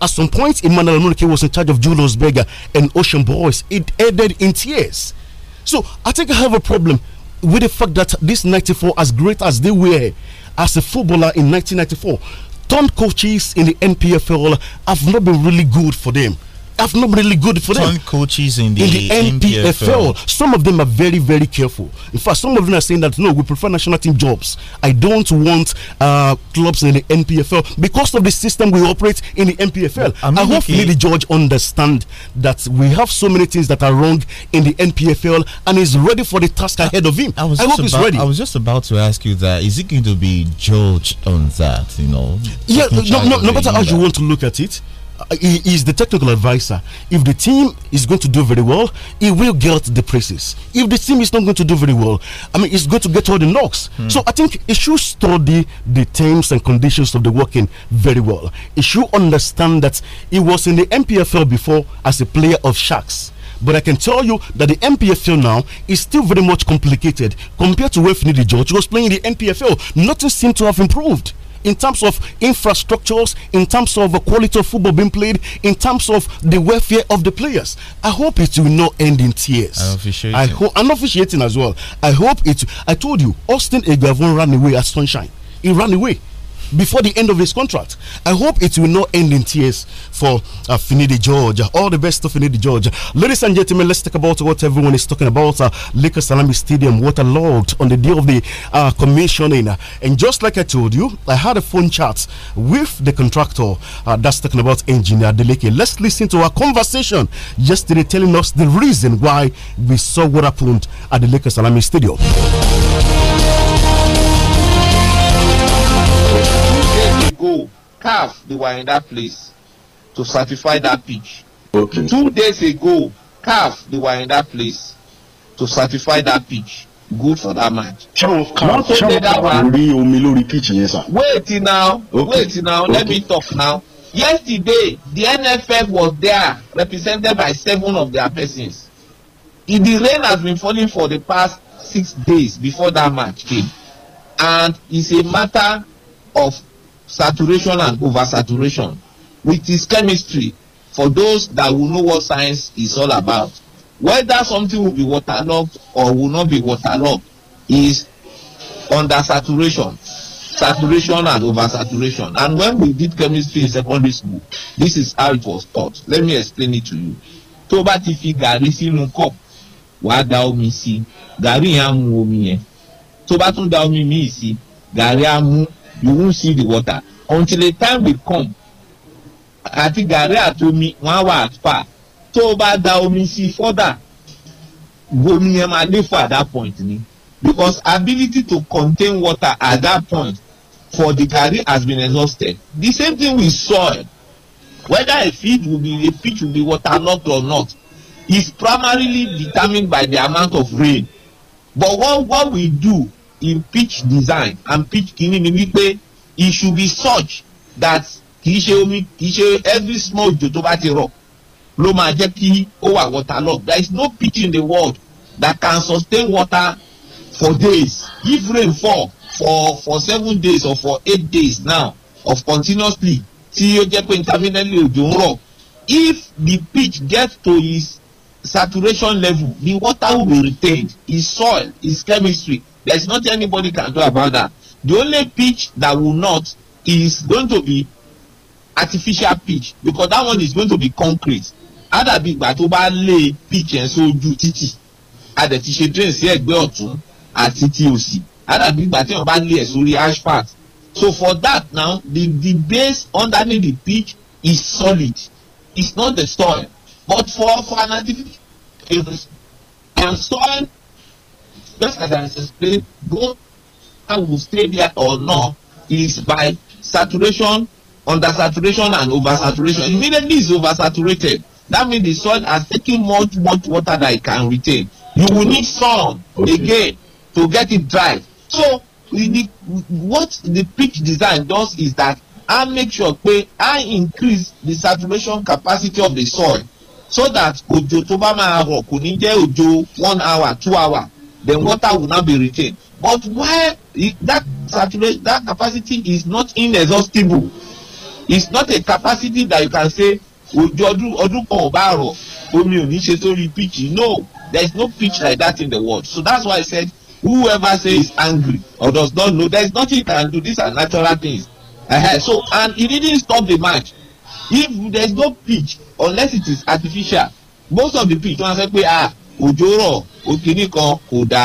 At some point, Emmanuel Munike was in charge of Julius Berger and Ocean Boys. It ended in tears. So I think I have a problem with the fact that this 94, as great as they were as a footballer in 1994, turned coaches in the NPFL have not been really good for them have not really good for Some them. coaches in the, in the NPFL. NPFL. Some of them are very, very careful. In fact, some of them are saying that no, we prefer national team jobs. I don't want uh, clubs in the NPFL because of the system we operate in the NPFL. I, mean, I hope the George understand that we have so many things that are wrong in the NPFL and is ready for the task I, ahead of him. I, was I hope he's ready. I was just about to ask you that. Is he going to be judged on that? You know? Yeah, no, no, no matter how you want to look at it he is the technical advisor. If the team is going to do very well, he will get the praises. If the team is not going to do very well, I mean, it's going to get all the knocks. Mm. So I think he should study the terms and conditions of the working very well. He should understand that he was in the MPFL before as a player of Sharks but I can tell you that the MPFL now is still very much complicated compared to where Finidi George was playing in the MPFL. Nothing seemed to have improved in terms of infrastructures, in terms of the quality of football being played, in terms of the welfare of the players. I hope it will not end in tears. I hope am officiating as well. I hope it. I told you, Austin Egavon ran away as sunshine. He ran away before the end of his contract. I hope it will not end in tears for uh, Finidi George. All the best to Finidi George. Ladies and gentlemen, let's talk about what everyone is talking about. Uh, Lakers Salami Stadium waterlogged on the day of the uh, commissioning. And just like I told you, I had a phone chat with the contractor uh, that's talking about engineer Deleke. Let's listen to our conversation yesterday telling us the reason why we saw what happened at the Lakers Salami Stadium. calf they were in that place to certify that pitch. Okay. Two days ago, calf they were in that place to certify that pitch. Good for that match. Sure, calf. that one. Rí omi lórí pitch yẹn sir. Wait now, okay. wait now, okay. let me talk now. Yesterday, the NFF was there represented by seven of their persons. If the rain has been falling for the past six days before that match came and it's a matter of saturation and oversaturation with its chemistry for those that will know what science is all about whether something will be waterlogged or will not be waterlogged is under saturation saturation and oversaturation and when we did chemistry in secondary school this is how it was taught let me explain it to you tó bá ti fi gàrí sínú cup wàá da omi sí gàrí yẹn á mu omi yẹn tó bá tún da omi míì sí gàrí á mu you won't see the water until the time will come àti gàrí àti omi wọn á wà fà tó o bá da omi sí fọ́dà omi yẹn máa lé fún at that point ni because ability to contain water at that point for the gari has been exhausted the same thing with soil whether a field will be a pitch will be waterlogged or not is primarily determined by the amount of rain but what what we do in pitch design and pitch kìíní ni wípé it should be such that kìí ṣe omi kìí ṣe every small òjò tó bá ti rọ̀ ló máa jẹ́ kí ó wà waterlogged there is no pitch in the world that can sustain water for days if rain fall for for seven days or for eight days now of continuously tí ó jẹ́ pé intermittently òjò ń rọ̀ if the pitch gets to its saturation level the water will be retained its soil its chemistry There's nothing anybody can do about that. The only pitch that will not is going to be artificial pitch because that one is going to be concrete. Á dàbí ìgbà tó bá lé pitch yẹn sójú títì. A dẹ̀ ti ṣe drain sí ẹ̀gbẹ́ ọ̀tún àti ti òsì. Á dàbí ìgbà tí wọ́n bá lé ẹ̀ sórí asphalt. So for that now, the the base underneath the pitch is solid. It's not the soil. But for fanatic and soil just as I explained, both I will stay there or not is by saturation, under saturation, and oversaturation. Immediately it's oversaturated. That means the soil has taken much, much water that it can retain. You will need sun okay. again to get it dry. So the, what the pitch design does is that I make sure pé I increase the saturation capacity of the soil so that òjò tó bá máa rọ̀ kò ní jẹ́ òjò one hour two hour then water will now be retained. But why that saturation, that capacity is not inexhaustible. It's not a capacity that you can say ojú ọdún ọdún kan ò bá rọ no there is no pitch like that in the world so that's why I said whoever says angry or does not know there is nothing you can do these are natural things uh -huh. so and it didn't stop the match if there is no pitch unless it is artificial most of the pitch wọn sọ pé ah òjò rọ̀ òkìní kan kò dá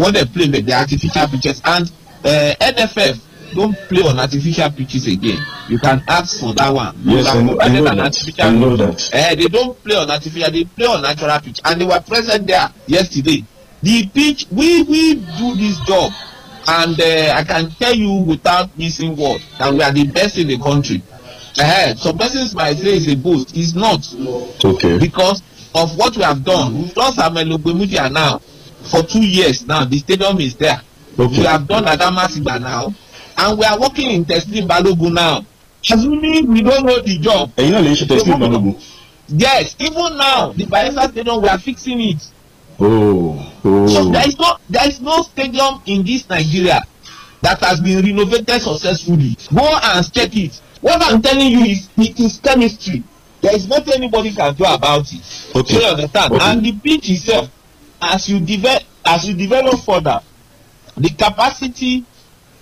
wọ́n dẹ̀ play with the artificial pitches and uh, NFF don't play on artificial pitches again you can ask for that one. yes i know that i know that. Uh, they don't play on artificial they play on natural pitch and they were present there yesterday the pitch we we do this job and uh, i can tell you without missing word that we are the best in the country uh, some persons might say it's a boast it's not. okay because of what we have done. We've mm-hmm. lost Amelogbemudia now for two years now. The stadium is there. Okay. We have done Adamasiba now, and we are working in testing Balogun now. As we don't know the job. Ẹ̀yin náà lè ṣe Teslim Balogun. Yes, even now the Bayelsa stadium we are fixing it. Oh, oh. So there is no there is no stadium in this Nigeria that has been renovated successfully. Go and check it. What I'm telling you is it is chemistry. there is nothing anybody can do about it. Okay. So you understand? Okay. And the beach itself, as you develop, as you develop further, the capacity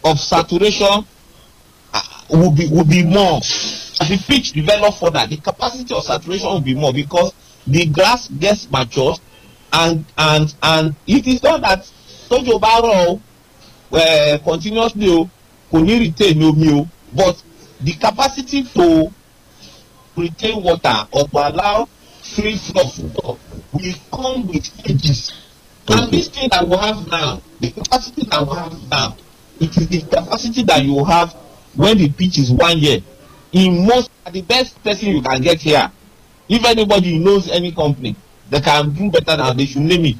of saturation uh, will be will be more. As the pitch develop further, the capacity of saturation will be more because the grass gets matured, and and and it is not that tójò bá eh, continuously o kò ní retain omi o but the capacity to retain water or to allow free flow of will come with edges. Okay. And this thing that we have now, the capacity that we have now, it is the capacity that you have when the pitch is one year. In most, the best person you can get here, if anybody knows any company that can do better than they should name it.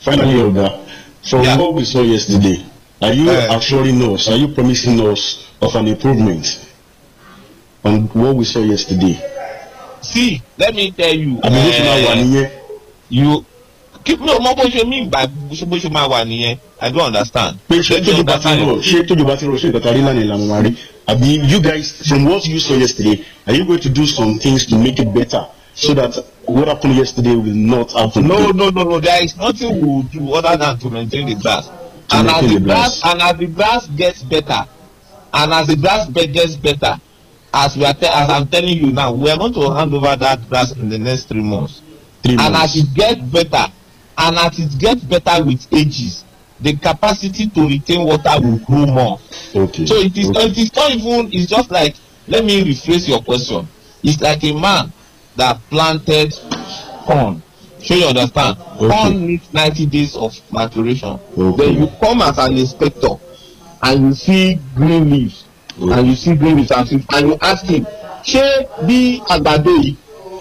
Finally, Yoruba, from yeah. what we saw yesterday, are you uh, actually knows, are you promising us of an improvement? on what we saw yesterday. See, let me tell you. Àbúrò ṣe máa wà eh, nìyẹn. You keep no more. What you mean by bó ṣe máa wà nìyẹn I don't understand. you bá ti rọ ṣé ìkàkà rí lánàá ìlànà wa i do not understand pe se you guys from what you saw yesterday are you going to do some things to make it better so that what happened yesterday will not happen. No no no no there is nothing we will do other than to maintain the grass. and maintain as the grass and as the grass gets better and as the grass gets better as we are te- as I'm telling you now, we are going to hand over that grass in the next three months. Three and months. as it gets better, and as it gets better with ages, the capacity to retain water will grow more. Okay. So it is okay. it is not even it's just like let me rephrase your question. It's like a man that planted corn. So you understand? Okay. Corn needs 90 days of maturation. Okay. Then you come as an inspector and you see green leaves mm. and you see green with am and you ask him ṣé bí àgbàdo yìí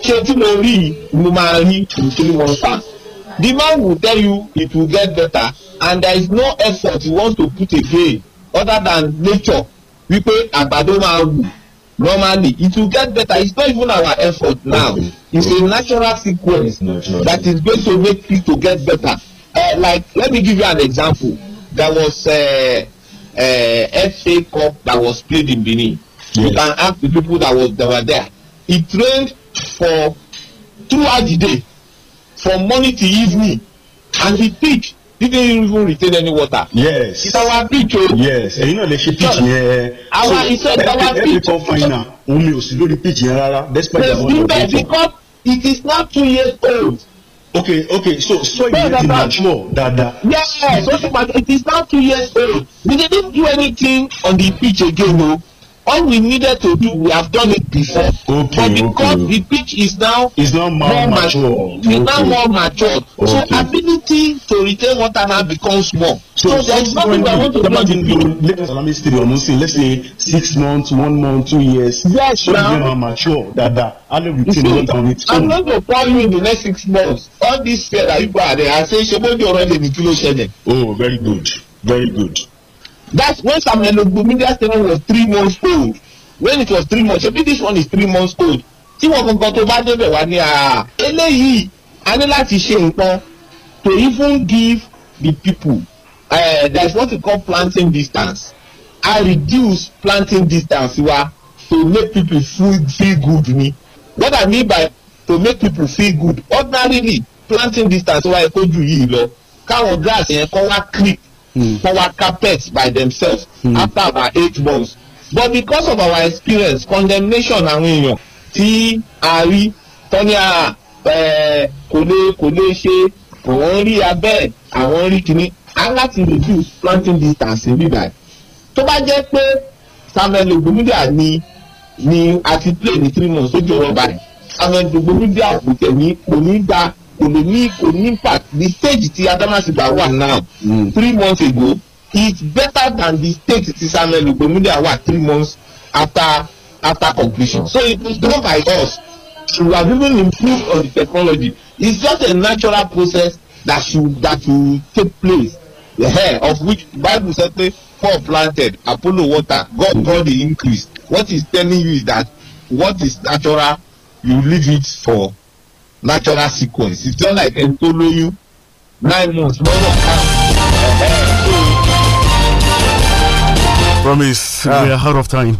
ṣé tí mo rí yìí mo máa rí in three months time the man will tell you it will get better and there is no effort he wants to put again other than nature wípé àgbàdo máa wù normally it will get better it's not even our effort now it's a natural sequence that is going to make it to get better uh, like let me give you an example there was. Uh, uh, FA Cup that was played in Benin. Yes. You can ask the people that was that were there. He trained for throughout the day, from morning to evening, and the pitch didn't even retain any water. Yes. It's our pitch. Oh. Yes. You know they should pitch yẹn. Our he said our pitch. Every cup final, omi ò sí lórí pitch yẹn rárá despite the amount of water. Because it is now two years old. Okay, okay, so so you didn't much more that, that. Yeah, so, but it is now two years old. We didn't do anything on the pitch again, no. all we needed to do we have done it before okay, but because okay. the pitch is now is now more mature, mature. Okay. is now more mature okay. so ability to retain water now becomes more so, so there is nothing we want to do imagine you let us allow stadium say let's say six months one month two years yes so now so are mature dada ale retain water on its own. i'm not go call you in the next six months all this fear that you go are there i say sebo di ọrọ ẹlẹmi kí ló oh very good very good. That's when Samuel media tenure was three months old. When it was three months, ṣebí this one is three months old. Tí wọ́n gangan tó bá débẹ̀ wá ní àá. Ah, eléyìí, a ní láti ṣe nǹkan to even give the people uh, there is what we call planting distance. I reduce planting distance wa to make people feel, feel good ni. What I mean by to make people feel good ordinarily planting distance wa ẹ tó ju yìí lọ káwọn grass yẹn kọ́ wá creep mm. power carpet by themselves mm. after about eight months but because of our experience condemnation àwọn èèyàn tí a rí tọ́ni a ah, eh, kò lè kò lè ṣe àwọn rí abẹ́ àwọn rí kíní a láti reduce planting distance níbàyí tó bá jẹ́ pé samuel ogbomudia ni ni a ti play ní three months ó jọ rọba samuel ogbomudia kò tẹ̀ ní kò ní gba kò lè ní kò ní impact the stage ti adamasi gba wà now mm. three months ago it's better than the stage ti samuel ogbemudia wà three months after after completion so it was done by us we have even improved on the technology it's just a natural process that should that should take place yeah, of which bible say say paul planted apollo water god god the increase what he's telling you is that what is natural you leave it for natural sequence it's not like ẹni tó you nine months lọ́wọ́ kan. Promise, ah. we are out of time.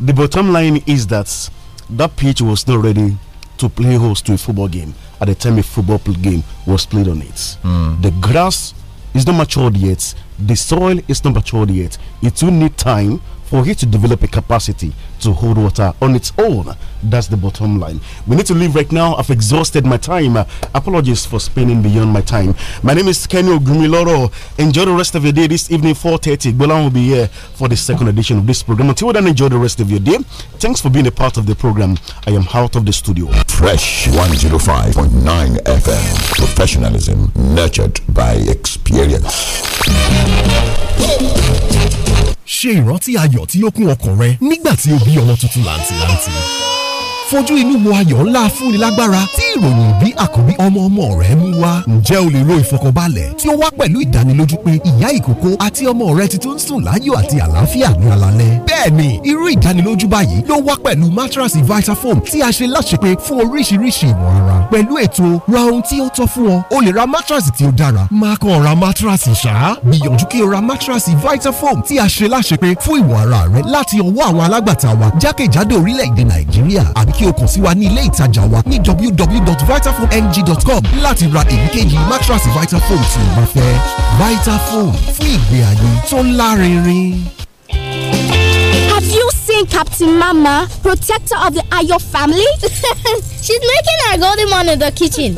The bottom line is that that pitch was not ready to play host to a football game at the time a football game was played on it. Mm. The grass is not matured yet. The soil is not matured yet. It will need time for it to develop a capacity to hold water on its own. That's the bottom line. We need to leave right now. I've exhausted my time. Uh, apologies for spending beyond my time. My name is Kenny Ogumiloro. Enjoy the rest of your day this evening, 4.30. Golan will be here for the second edition of this program. Until then, enjoy the rest of your day. Thanks for being a part of the program. I am out of the studio. Fresh 105.9 FM. Professionalism nurtured by experience. ṣe ìrántí ayọ̀ tí ó kún ọkàn rẹ nígbà tí o bí ọmọ tuntun làǹtìlanti fojú inú wo ayọ̀ ńlá fúnni lágbára tí ìròyìn bí àkọ́bí ọmọ ọmọ rẹ̀ mú wá. ǹjẹ́ o lè ro ìfọkànbalẹ̀ tí ó wá pẹ̀lú ìdánilójú pé ìyá ìkókó àti ọmọ rẹ̀ ti tó ń sùn láyọ̀ àti àlàáfíà ní alalẹ́. bẹ́ẹ̀ni irú ìdánilójú báyìí ló wá pẹ̀lú matrasi Vitafoam tí a ṣe láṣepé fún oríṣiríṣi ìwọ̀n ara. pẹ̀lú ètò ra ohun tí ó tọ́ fún ọ o lè ra matrasi tí ó dára má kàn ra matrasi a ṣe láṣepé fún ìwọ̀n ara rẹ láti ọwọ́ àwọn alágbàtà wa jákèjádò orílẹ̀-èdè Nàìjíríà àbí kí o kàn sí wa ní ilé ìtajà wa ní www.vitafoamng.com láti ra èyíkéyìí mattress Vitafoam tí o fẹ́ Vitafoam fún ìgbé ayé tó lárinrin. Have you seen Captain Mama, protector of the Ayo family? She's making our golden one in the kitchen.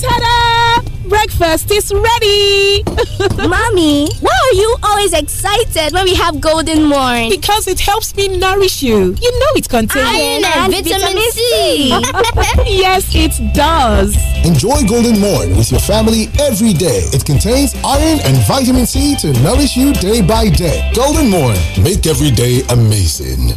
Ta-da! breakfast is ready. Mommy, why are you always excited when we have Golden Morn? Because it helps me nourish you. You know it contains iron and, and vitamin C. C. yes, it does. Enjoy Golden Morn with your family every day. It contains iron and vitamin C to nourish you day by day. Golden Morn, make every day amazing.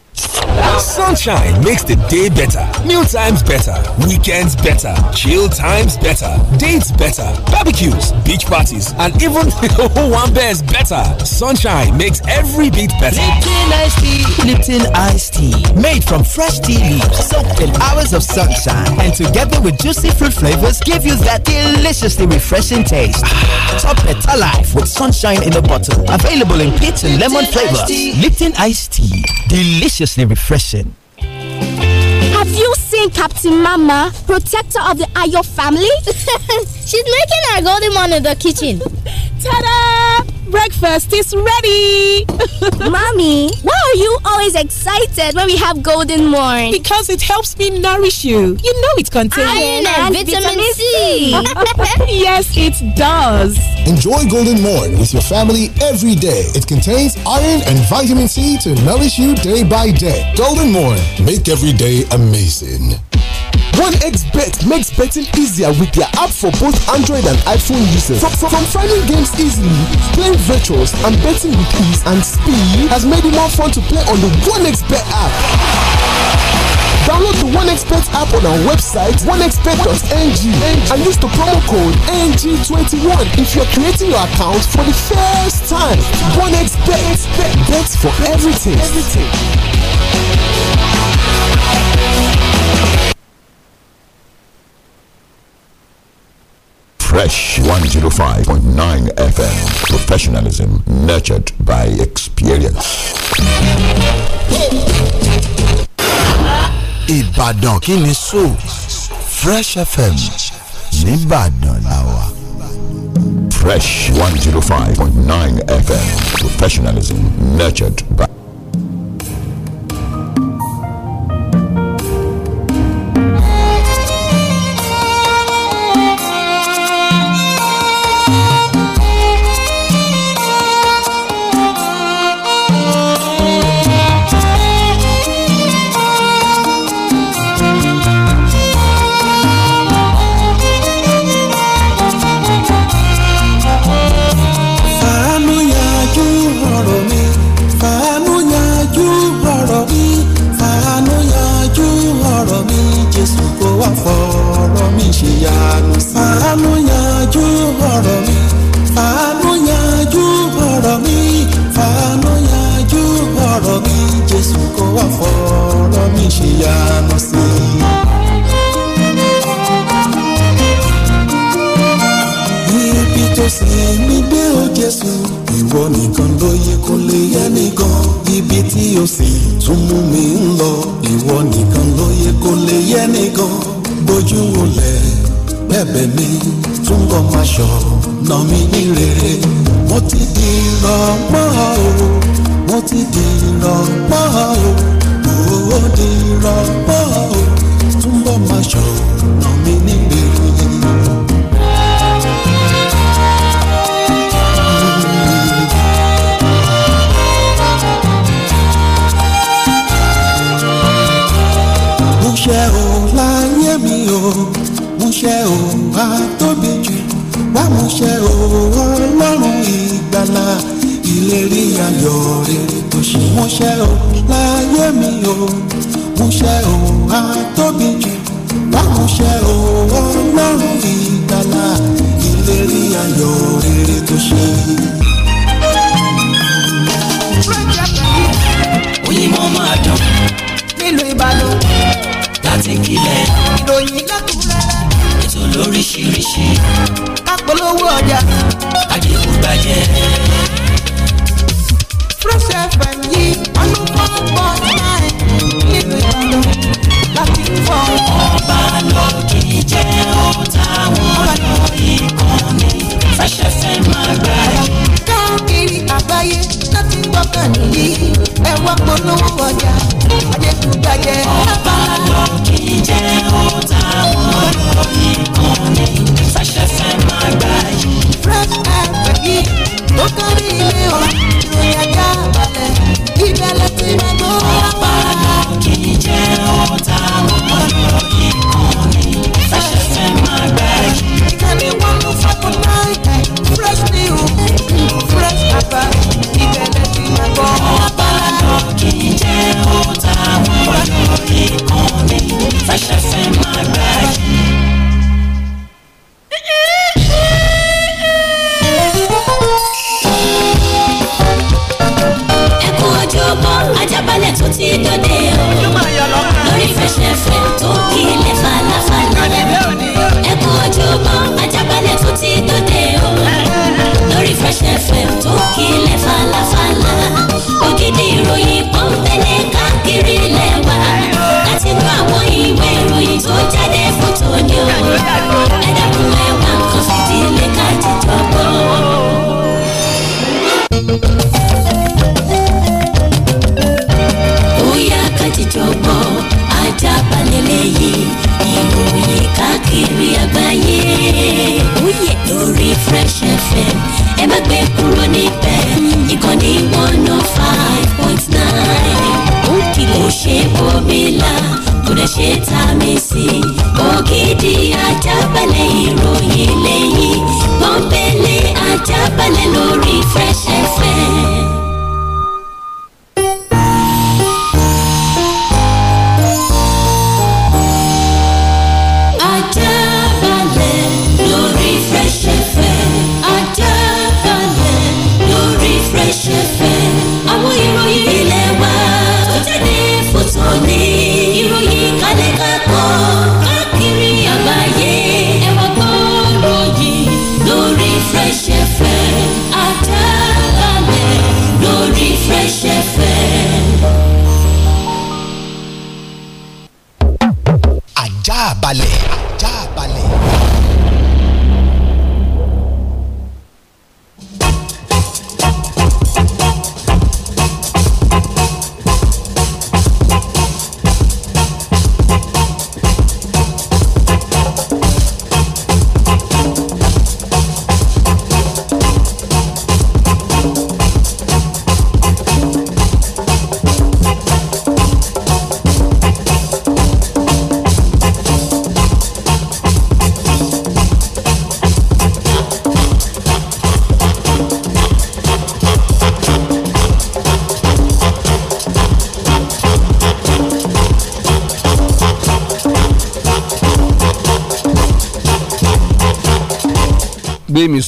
Sunshine makes the day better, meal times better, weekends better, chill times better, dates better, barbecues, beach parties, and even one bears better. Sunshine makes every bit better. Lipton iced tea, Lipton iced tea, made from fresh tea leaves, soaked in hours of sunshine, and together with juicy fruit flavors, give you that deliciously refreshing taste. Top it alive with sunshine in the bottle, available in peach and lemon flavors. Lipton iced tea, delicious deliciously refreshing. Have you seen Captain Mama, protector of the Ayo family? She's making her golden one in the kitchen. Ta-da! Breakfast is ready! Mommy, why are you always excited when we have Golden Morn? Because it helps me nourish you. You know it contains iron and, vitamin, vitamin C. yes, it does. Enjoy Golden Morn with your family every day. It contains iron and vitamin C to nourish you day by day. Golden Morn, make every day amazing. 1xBet makes betting easier with their app for both Android and iPhone users. From, from, from finding games easily, playing virtuals, and betting with ease and speed has made it more fun to play on the 1xBet app. Download the one Bet app on our website, 1xBet.ng, and use the promo code NG21 if you're creating your account for the first time. 1xBet, bets for everything. everything. Fresh 105.9 FM. Professionalism nurtured by experience. Ìbàdàn kí so Fresh FM nìbàdàn la Fresh 105.9 FM. Professionalism nurtured by.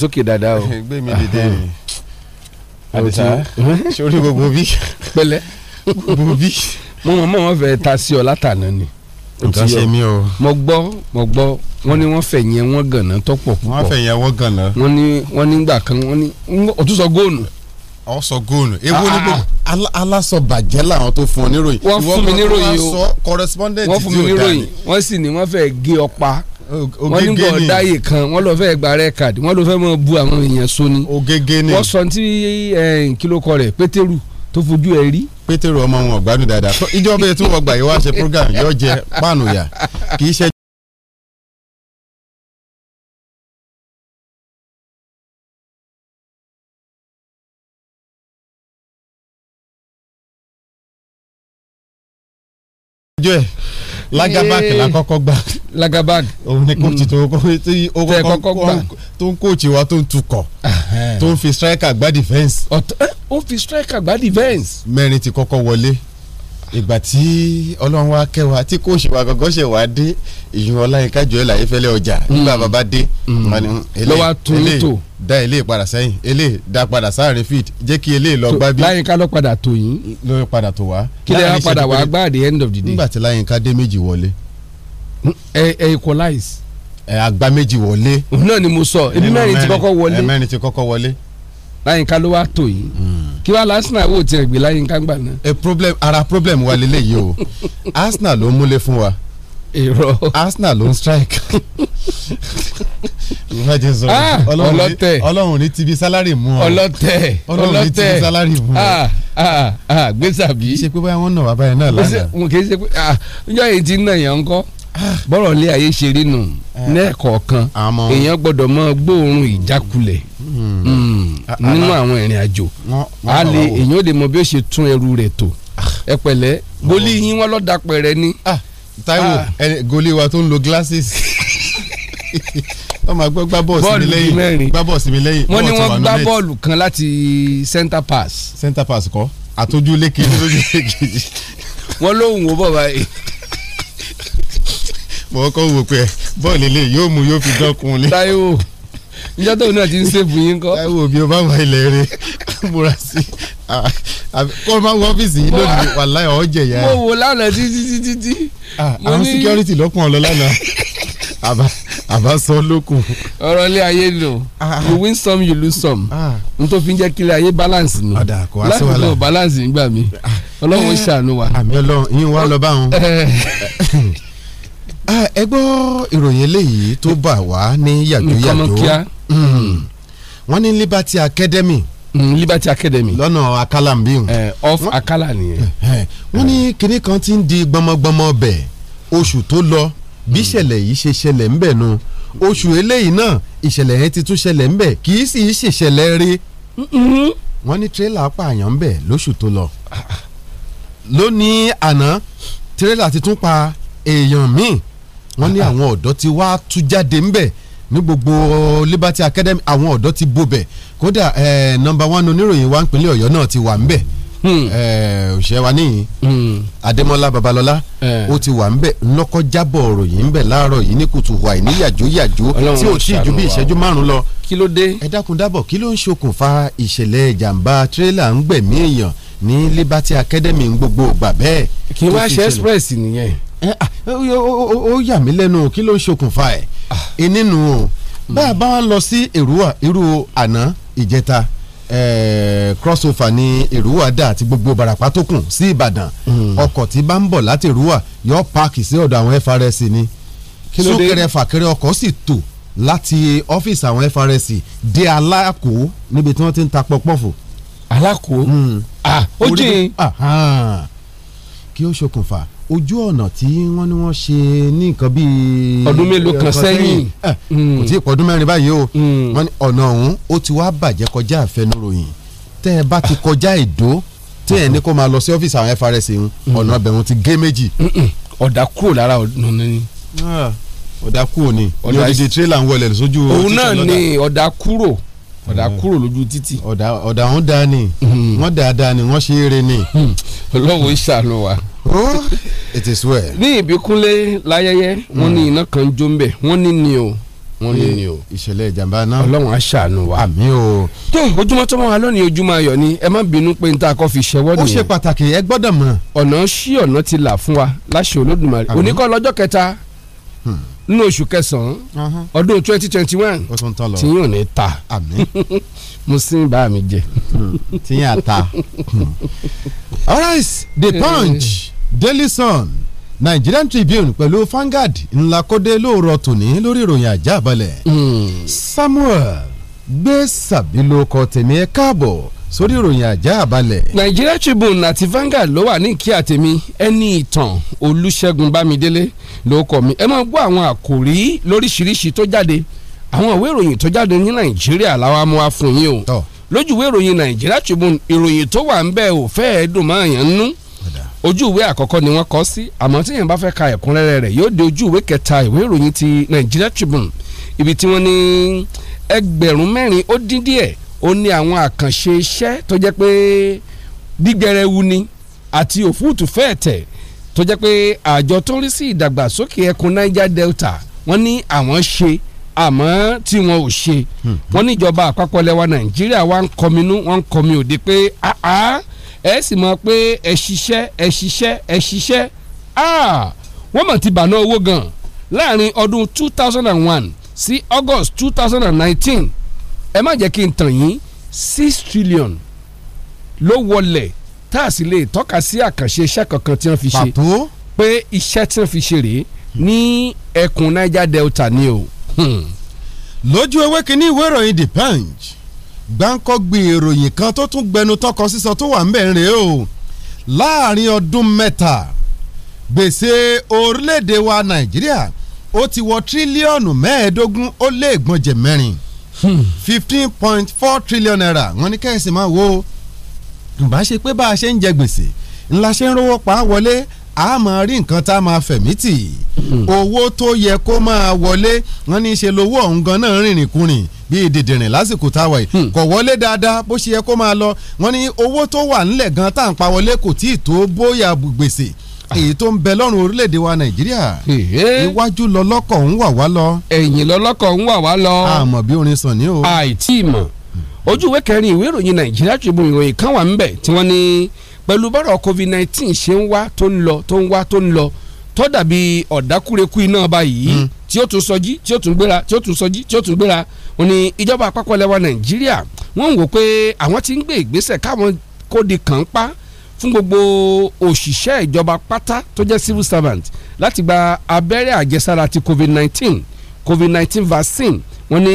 sókè dáadáa o. gbé mi dìde rè àdìsá sórí gbogbo bí. pẹ̀lẹ́ gbogbo bí. mo mọ̀ mọ̀ wọ́n fẹ́ ta sí ọ látànà ni. nǹkan ṣe mí o. mo gbọ́ mo gbọ́ wọ́n ní wọ́n fẹ̀yìn wọn gànà tọ́pọ̀ púpọ̀. wọ́n fẹ̀yìn wọn gànà. wọ́n ní wọ́n ní gbà kan wọ́n ní òtún sọ góònù ọ sọ góòlù ewu ní ah, ah, gbogbo ah. alásọbàjẹ́ làwọn tó fún ọ níròyìn wọ́n fún mi níròyìn o wọ́n fún mi níròyìn wọ́n sì ní wọ́n fẹ́ gé ọ pa wọ́n ní gbọ́ dáyè kan wọ́n lọ fẹ́ gba rẹ́ wọ́n lọ fẹ́ mọ bu àwọn èèyàn so ni ni wọ́n sọ ti kílókọ rẹ̀ pétérù tó fojú ẹ rí. pétérù ọmọ wọn gbádùn dáadáa ìjọba ètò ọgbà yìí wá ṣe program yóò jẹ páànù yà kì í ṣe ojú ẹ lagabag la kọ́kọ́ gbà. lagabag òun ni kóòtù mm. tó kọ́kọ́ gbà tó ń kóòtù wa tó ń tukọ̀ tó ń fi striker gbá defence. ó fi striker gbá defence. mẹ́rin ti kọ́kọ́ wọlé ìgbà tí ọlọ́run wa kẹwàá tí kò ṣèwà gọ́gọ́ ṣèwà dé ìyún ọláyínká jọ̀ọ́ láyé fẹ́lẹ́ ọjà mm. nígbà bàbá dé lọ́wọ́ mm. àtúntò dá ilé padà sẹ́yìn ilé dá padà sáàrin fit jẹ́ kí ilé lọ gbá bí. láyínká ló padà tó yín. ló padà tó wá. kí lè wá padà wá gbá the end of the day. nígbà tí láyínká dé méjì wọlé. ẹ ẹ equalize. ẹ àgbá méjì wọlé. náà ni mo sọ ebi mẹ́rin ti kọ́kọ́ wọlé. mẹ́rin ti kọ́kọ́ wọlé láyínká ló wá tó yìí hmm. kí wàá lásìnà wò tiẹ̀ gbé láyínká gbà náà. ẹ problem ara problem wa leléyìí o Arsenal ló múlé fún wa irọ́ Arsenal ló ń strike ìwádìí sọ ah, ọlọ́tẹ̀ ọlọ́run ní tibi sálárì mú ọ ọlọ́tẹ̀ ọlọ́run ní tibi sálárì mú ọ ah, ah, gbèsàbí. ṣe pé báyọ̀ wọn nà wá báyìí náà lánàá. kì í ṣe pé njọ́ èyí ti nà yàn ń kọ́ bọ́rọ̀ lé ayé ṣe rí nù eh. lẹ́ẹ̀kọ̀ọ̀kan èèyàn gbọ́dọ̀ mọ gbóòórùn ìjákulẹ̀ hmm. Hmm. nínú àwọn ìrìn àjò a lè èèyàn ò lè mọ bí ó ṣe tún ẹrù rẹ̀ tó ah. ẹ pẹ̀lẹ́ gólì yín wọ́n lọ́ọ́ pẹ̀rẹ́ ni. Ah, Taiwo, ah. gólì wa tó ń lo glasses wọ́n máa gbọ́ gbá bọ́ọ̀sì mi lẹ́yìn gbá bọ́ọ̀sì mi lẹ́yìn. wọ́n ní wọ́n gbá bọ́ọ̀lù kan láti center pass. center pass kọ́ àtọ́jú lékejì lójú lékejì. wọ́n lóhùn wo bọ̀ báyìí. mo kọ́ wò pé bọ́ọ̀lù ilé yóò mú yóò fi dọ́kun ni. Táíwò níjọ́ tóun náà ti ń ṣèbù yín kọ́. Táíwò bí o bá wà ilẹ̀ rẹ̀ múra sí kọ́ máa wọ ọ́fíìsì yìí lónìí wàláhì ọ̀ jẹ̀yà. mo wò lánàá títí títí tí. àwọn security lọ́kùn ọ lọ lánàá àbá sọ lókun. ọ̀rọ̀ ilé ayé nù you win some you lose some n tó fi jẹ́ kí ayé balance nù láti balance nígbà mi ọlọ́run ṣàánú wa. àmì ọlọ́run yín wá lọ bá Ah, ẹ gbọ́ ìròyìn eléyìí tó bà wá ní yàjóyàjó hmm. wọ́n ní Liberty Academy Mm, Liberty Academy. lọ́nà akala ń bí eh, off akala nìyẹn. Eh, eh. wọ́n ní kinní kan ti ń di gbọmọgbọmọ bẹ̀ oṣù tó lọ bí hmm. ìṣẹ̀lẹ̀ yìí ṣe ṣẹlẹ̀ ń bẹ̀ nu oṣù eléyìí náà ìṣẹ̀lẹ̀ yẹn ti tún ṣẹlẹ̀ ń bẹ̀ kì í sì í ṣèṣẹ̀lẹ̀ rí. Mm-hmm. wọ́n ní tírélà pààyàn ń bẹ̀ lóṣù tó lọ. lónìí àná tírélà ti tún pa èèyàn míì wọ́n ní àwọn ọ̀dọ́ ti wá tú jáde ńbẹ̀ ní gbogbo Liberty Academy àwọn ọ̀dọ́ ti bobẹ̀ kódà nọ́mbà one oníròyìn wa nípínlẹ̀ Ọ̀yọ́ náà ti wà ńbẹ̀ hmm. òṣèré wa níyìn hmm. Adémọ́lá Babalọ́lá ó ti wà ńbẹ̀ lọ́kọ́ jábọ̀ ròyìn ńbẹ̀ láàárọ̀ yìí ní kùtù wà ní yàjó yàjó tí ò tí ì ju bí ìṣẹ́jú márùn-ún lọ. kí ló dé. ẹ dákun dábọ̀ kí ló ń ṣokùnfà ìṣẹ̀lẹ̀ ìjàmbá tírélà ń gbẹ̀mí èèyàn ní Liberty Academy gbogbo ìgbà bẹ́ẹ̀. kí wọ́n á ṣe express nìyẹn Ah, ó yà mí lẹ́nu kí ló ń ṣokùnfà ẹ̀ ìnínú ah. o bá a hmm. bá wa lọ sí èrúwà irú àná ìjẹta crossover ní èrúwà dà àti gbogbo barapa tó kù sí ìbàdàn hmm. ọkọ̀ tí bá ń bọ̀ láti èrúwà yọ páàkì sí ọ̀dọ̀ àwọn FRS ni súnkẹrẹ fàkẹrẹ ọkọ̀ sì tò láti ọ́fíìsì àwọn FRS dé alákò níbi tí wọ́n ti ń ta pọpọ́fù. alákò hmm. ah ó jìn ah, kí ó ṣokùnfà ojú ọ̀nà tí wọ́n ní wọ́n ṣe ní nǹkan bíi. ọdún mélòó eh, kan sẹ́yìn. Eh, kò hmm. tí ì pọ̀ mẹ́rin báyìí o hmm. wọ́n ní ọ̀nà ọ̀hún ó ti wá bàjẹ́ kọjá àfẹnuròyìn tẹ́ ẹ bá ti kọjá ìdó tí ẹ ní kó máa lọ sí ọ́fíìsì àwọn FRS ń hmm. ọ̀nà ọbẹ̀ wọn ti gé méjì. ọ̀dà kúrò lára ọ̀nà ni. Ah, ọ̀dà kúrò ni ní odidi tírélà ń wọlé sójú. òun náà ni ọ̀dà kúrò lójú títì. ọ̀dà ọ̀dà wọn dáa ni wọ́n dáadáa ni wọ́n ṣe é re ni. ọlọ́run ìṣàánú it is well. ní ìbíkúnlé láyẹyẹ wọ́n ní hmm. iná kan jó ń bẹ wọ́n ní ni o wọ́n ní eh, ni o. ìṣẹ̀lẹ̀ ìjàmbá náà. ọlọ́run á wa. àmín o. tó ojúmọ́ tó mọ́ wa ojúmọ́ ayọ̀ ni ẹ má bínú pé n ta kọ́ fi ṣẹwọ́ nìyẹn. ó ṣe pàtàkì ẹ gbọ́dọ̀ mọ̀. ọ̀nà sí ọ̀nà ti là fún wa láṣẹ olódùmarè oníkọ́ lọ́jọ́ kẹta hmm. nínú oṣù kẹsàn-án uh-huh. ọdún twenty twenty one tí yóò ní ta mo sì ń bá mi jẹ. Hmm. tí yóò ta. all right the punch. Eh. Daily Sun Nigerian Tribune pẹ̀lú Vanguard ńlá kódé lóòrọ̀ tòní lórí ìròyìn ajá balẹ̀. Hmm. Samuel gbé sàbí ló kọ tèmi ẹ káàbọ̀ sórí ìròyìn ajá Nigeria Tribune àti Vanguard ló wà ní ìkí àtẹ̀mí ẹni ìtàn Olúṣẹ́gun Bámidélé ló kọ mi ẹ máa gbọ́ àwọn àkòrí lóríṣiríṣi tó jáde àwọn ìwé ìròyìn tó jáde ní Nàìjíríà làwọn amúwa fún yín o lójú ìròyìn Nigeria Tribune ìròyìn tó wà ń bẹ ò fẹ́ẹ́ dùn máa yàn ń nú ojú ìwé àkọ́kọ́ ni wọ́n kọ sí àmọ́ tí èèyàn bá fẹ́ ka ẹ̀kúnrẹ́rẹ́ rẹ̀ yóò dé ojú ìwé kẹta ìwé ìròyìn ti Nigeria Tribune ibi tí wọ́n ní ẹgbẹ̀rún mẹ́rin ó dín díẹ̀ ó ní àwọn àkànṣe iṣẹ́ tó jẹ́ pé gbígbẹrẹwu ni àti òfúùtù fẹ́ẹ̀ tẹ̀ tó jẹ́ pé àjọ tó ń rí sí ìdàgbàsókè ẹkùn Niger Delta wọ́n ní àwọn ṣe àmọ́ tí wọn ò ṣe hmm. wọ́n níjọba àpapọ̀ lẹ́wà Nàìjíríà wa ń kọminú wọ́n ń kọmi òde pé àá ẹ sì mọ̀ pé ẹ ṣiṣẹ́ ẹ ṣiṣẹ́ ẹ ṣiṣẹ́ ah, wọ́n mọ̀ ti bàná owó gan láàrin ọdún two thousand and one sí August two thousand and nineteen ẹ má jẹ́ kí n tàn yín six trillion ló wọlẹ̀ tá a sì lè tọ́ka sí àkànṣe iṣẹ́ kankan tí wọ́n fi ṣe pàtó pé iṣẹ́ tí wọ́n fi ṣe rèé ní ẹkùn Niger Delta ni o. Hmm. lójú ewé kínní ìwé ìròyìn The Punch gbáǹkọ́gbì ìròyìn kan tó tún gbẹnu tọkọ sísọ tó wà ńbẹ̀ rèé o láàrin ọdún mẹ́ta gbèsè orílẹ̀-èdè wa nàìjíríà ó ti wọ tírílíọ̀nù mẹ́ẹ̀ẹ́dógún ó lé ìgbọ̀njẹ̀ mẹ́rin hmm. fifteen point four trillion naira wọ́n ní kẹ́sì máa wo bá ṣe pé bá a ṣe ń jẹ gbèsè ńlá ṣe ń rówó pa á wọlé a máa rí nǹkan tá a máa fẹ̀mí tì hmm. owó tó yẹ kó máa wọlé wọn ní í ṣe lówó ọ̀hún gan náà rìnrìn kùnrin bíi dìdìrìn lásìkò táwa yìí hmm. kò wọlé dáadáa bó ṣe yẹ kó máa lọ wọn ní owó tó wà nílẹ̀ gan tá à ń pa wọlé kò tí ì tó bóyá gbèsè ah. èyí tó ń bẹ lọ́rùn orílẹ̀-èdè wa nàìjíríà iwájú lọ́lọ́kọ̀ ń wà wá lọ. ẹ̀yìn lọ́lọ́kọ̀ ń wà wá lọ. àmọ́ bí orin sàn ní o. àìtí ìmọ̀ ojú ìwé kẹrin ìwé ìròyìn nàìjíríà Tribune ìròyìn kan wà ń bẹ̀ tí wọ́n ní pẹ̀lú bọ́rọ̀ covid-19 ṣe ń wá tó ń lọ tó ń wá tó ń lọ tó dàbí ọ̀dákùrẹ́kù iná báyìí hmm. tí ó tún sọjí tí ó tún gbéra tí ó tún sọjí tí ó tún gbéra wọ́n ní ìjọba àpapọ̀ lẹ́wọ̀ Nàìjíríà wọ́n ń wò pé àwọn ti ń gbé ìgbésẹ̀ káwọn kó di kàn pa fún gbogbo òṣìṣẹ́ ìjọba pátá tó jẹ́ civil servant láti gba abẹ́rẹ́ àjẹsára ti covid-19 covid-19 vaccine wọ́n ní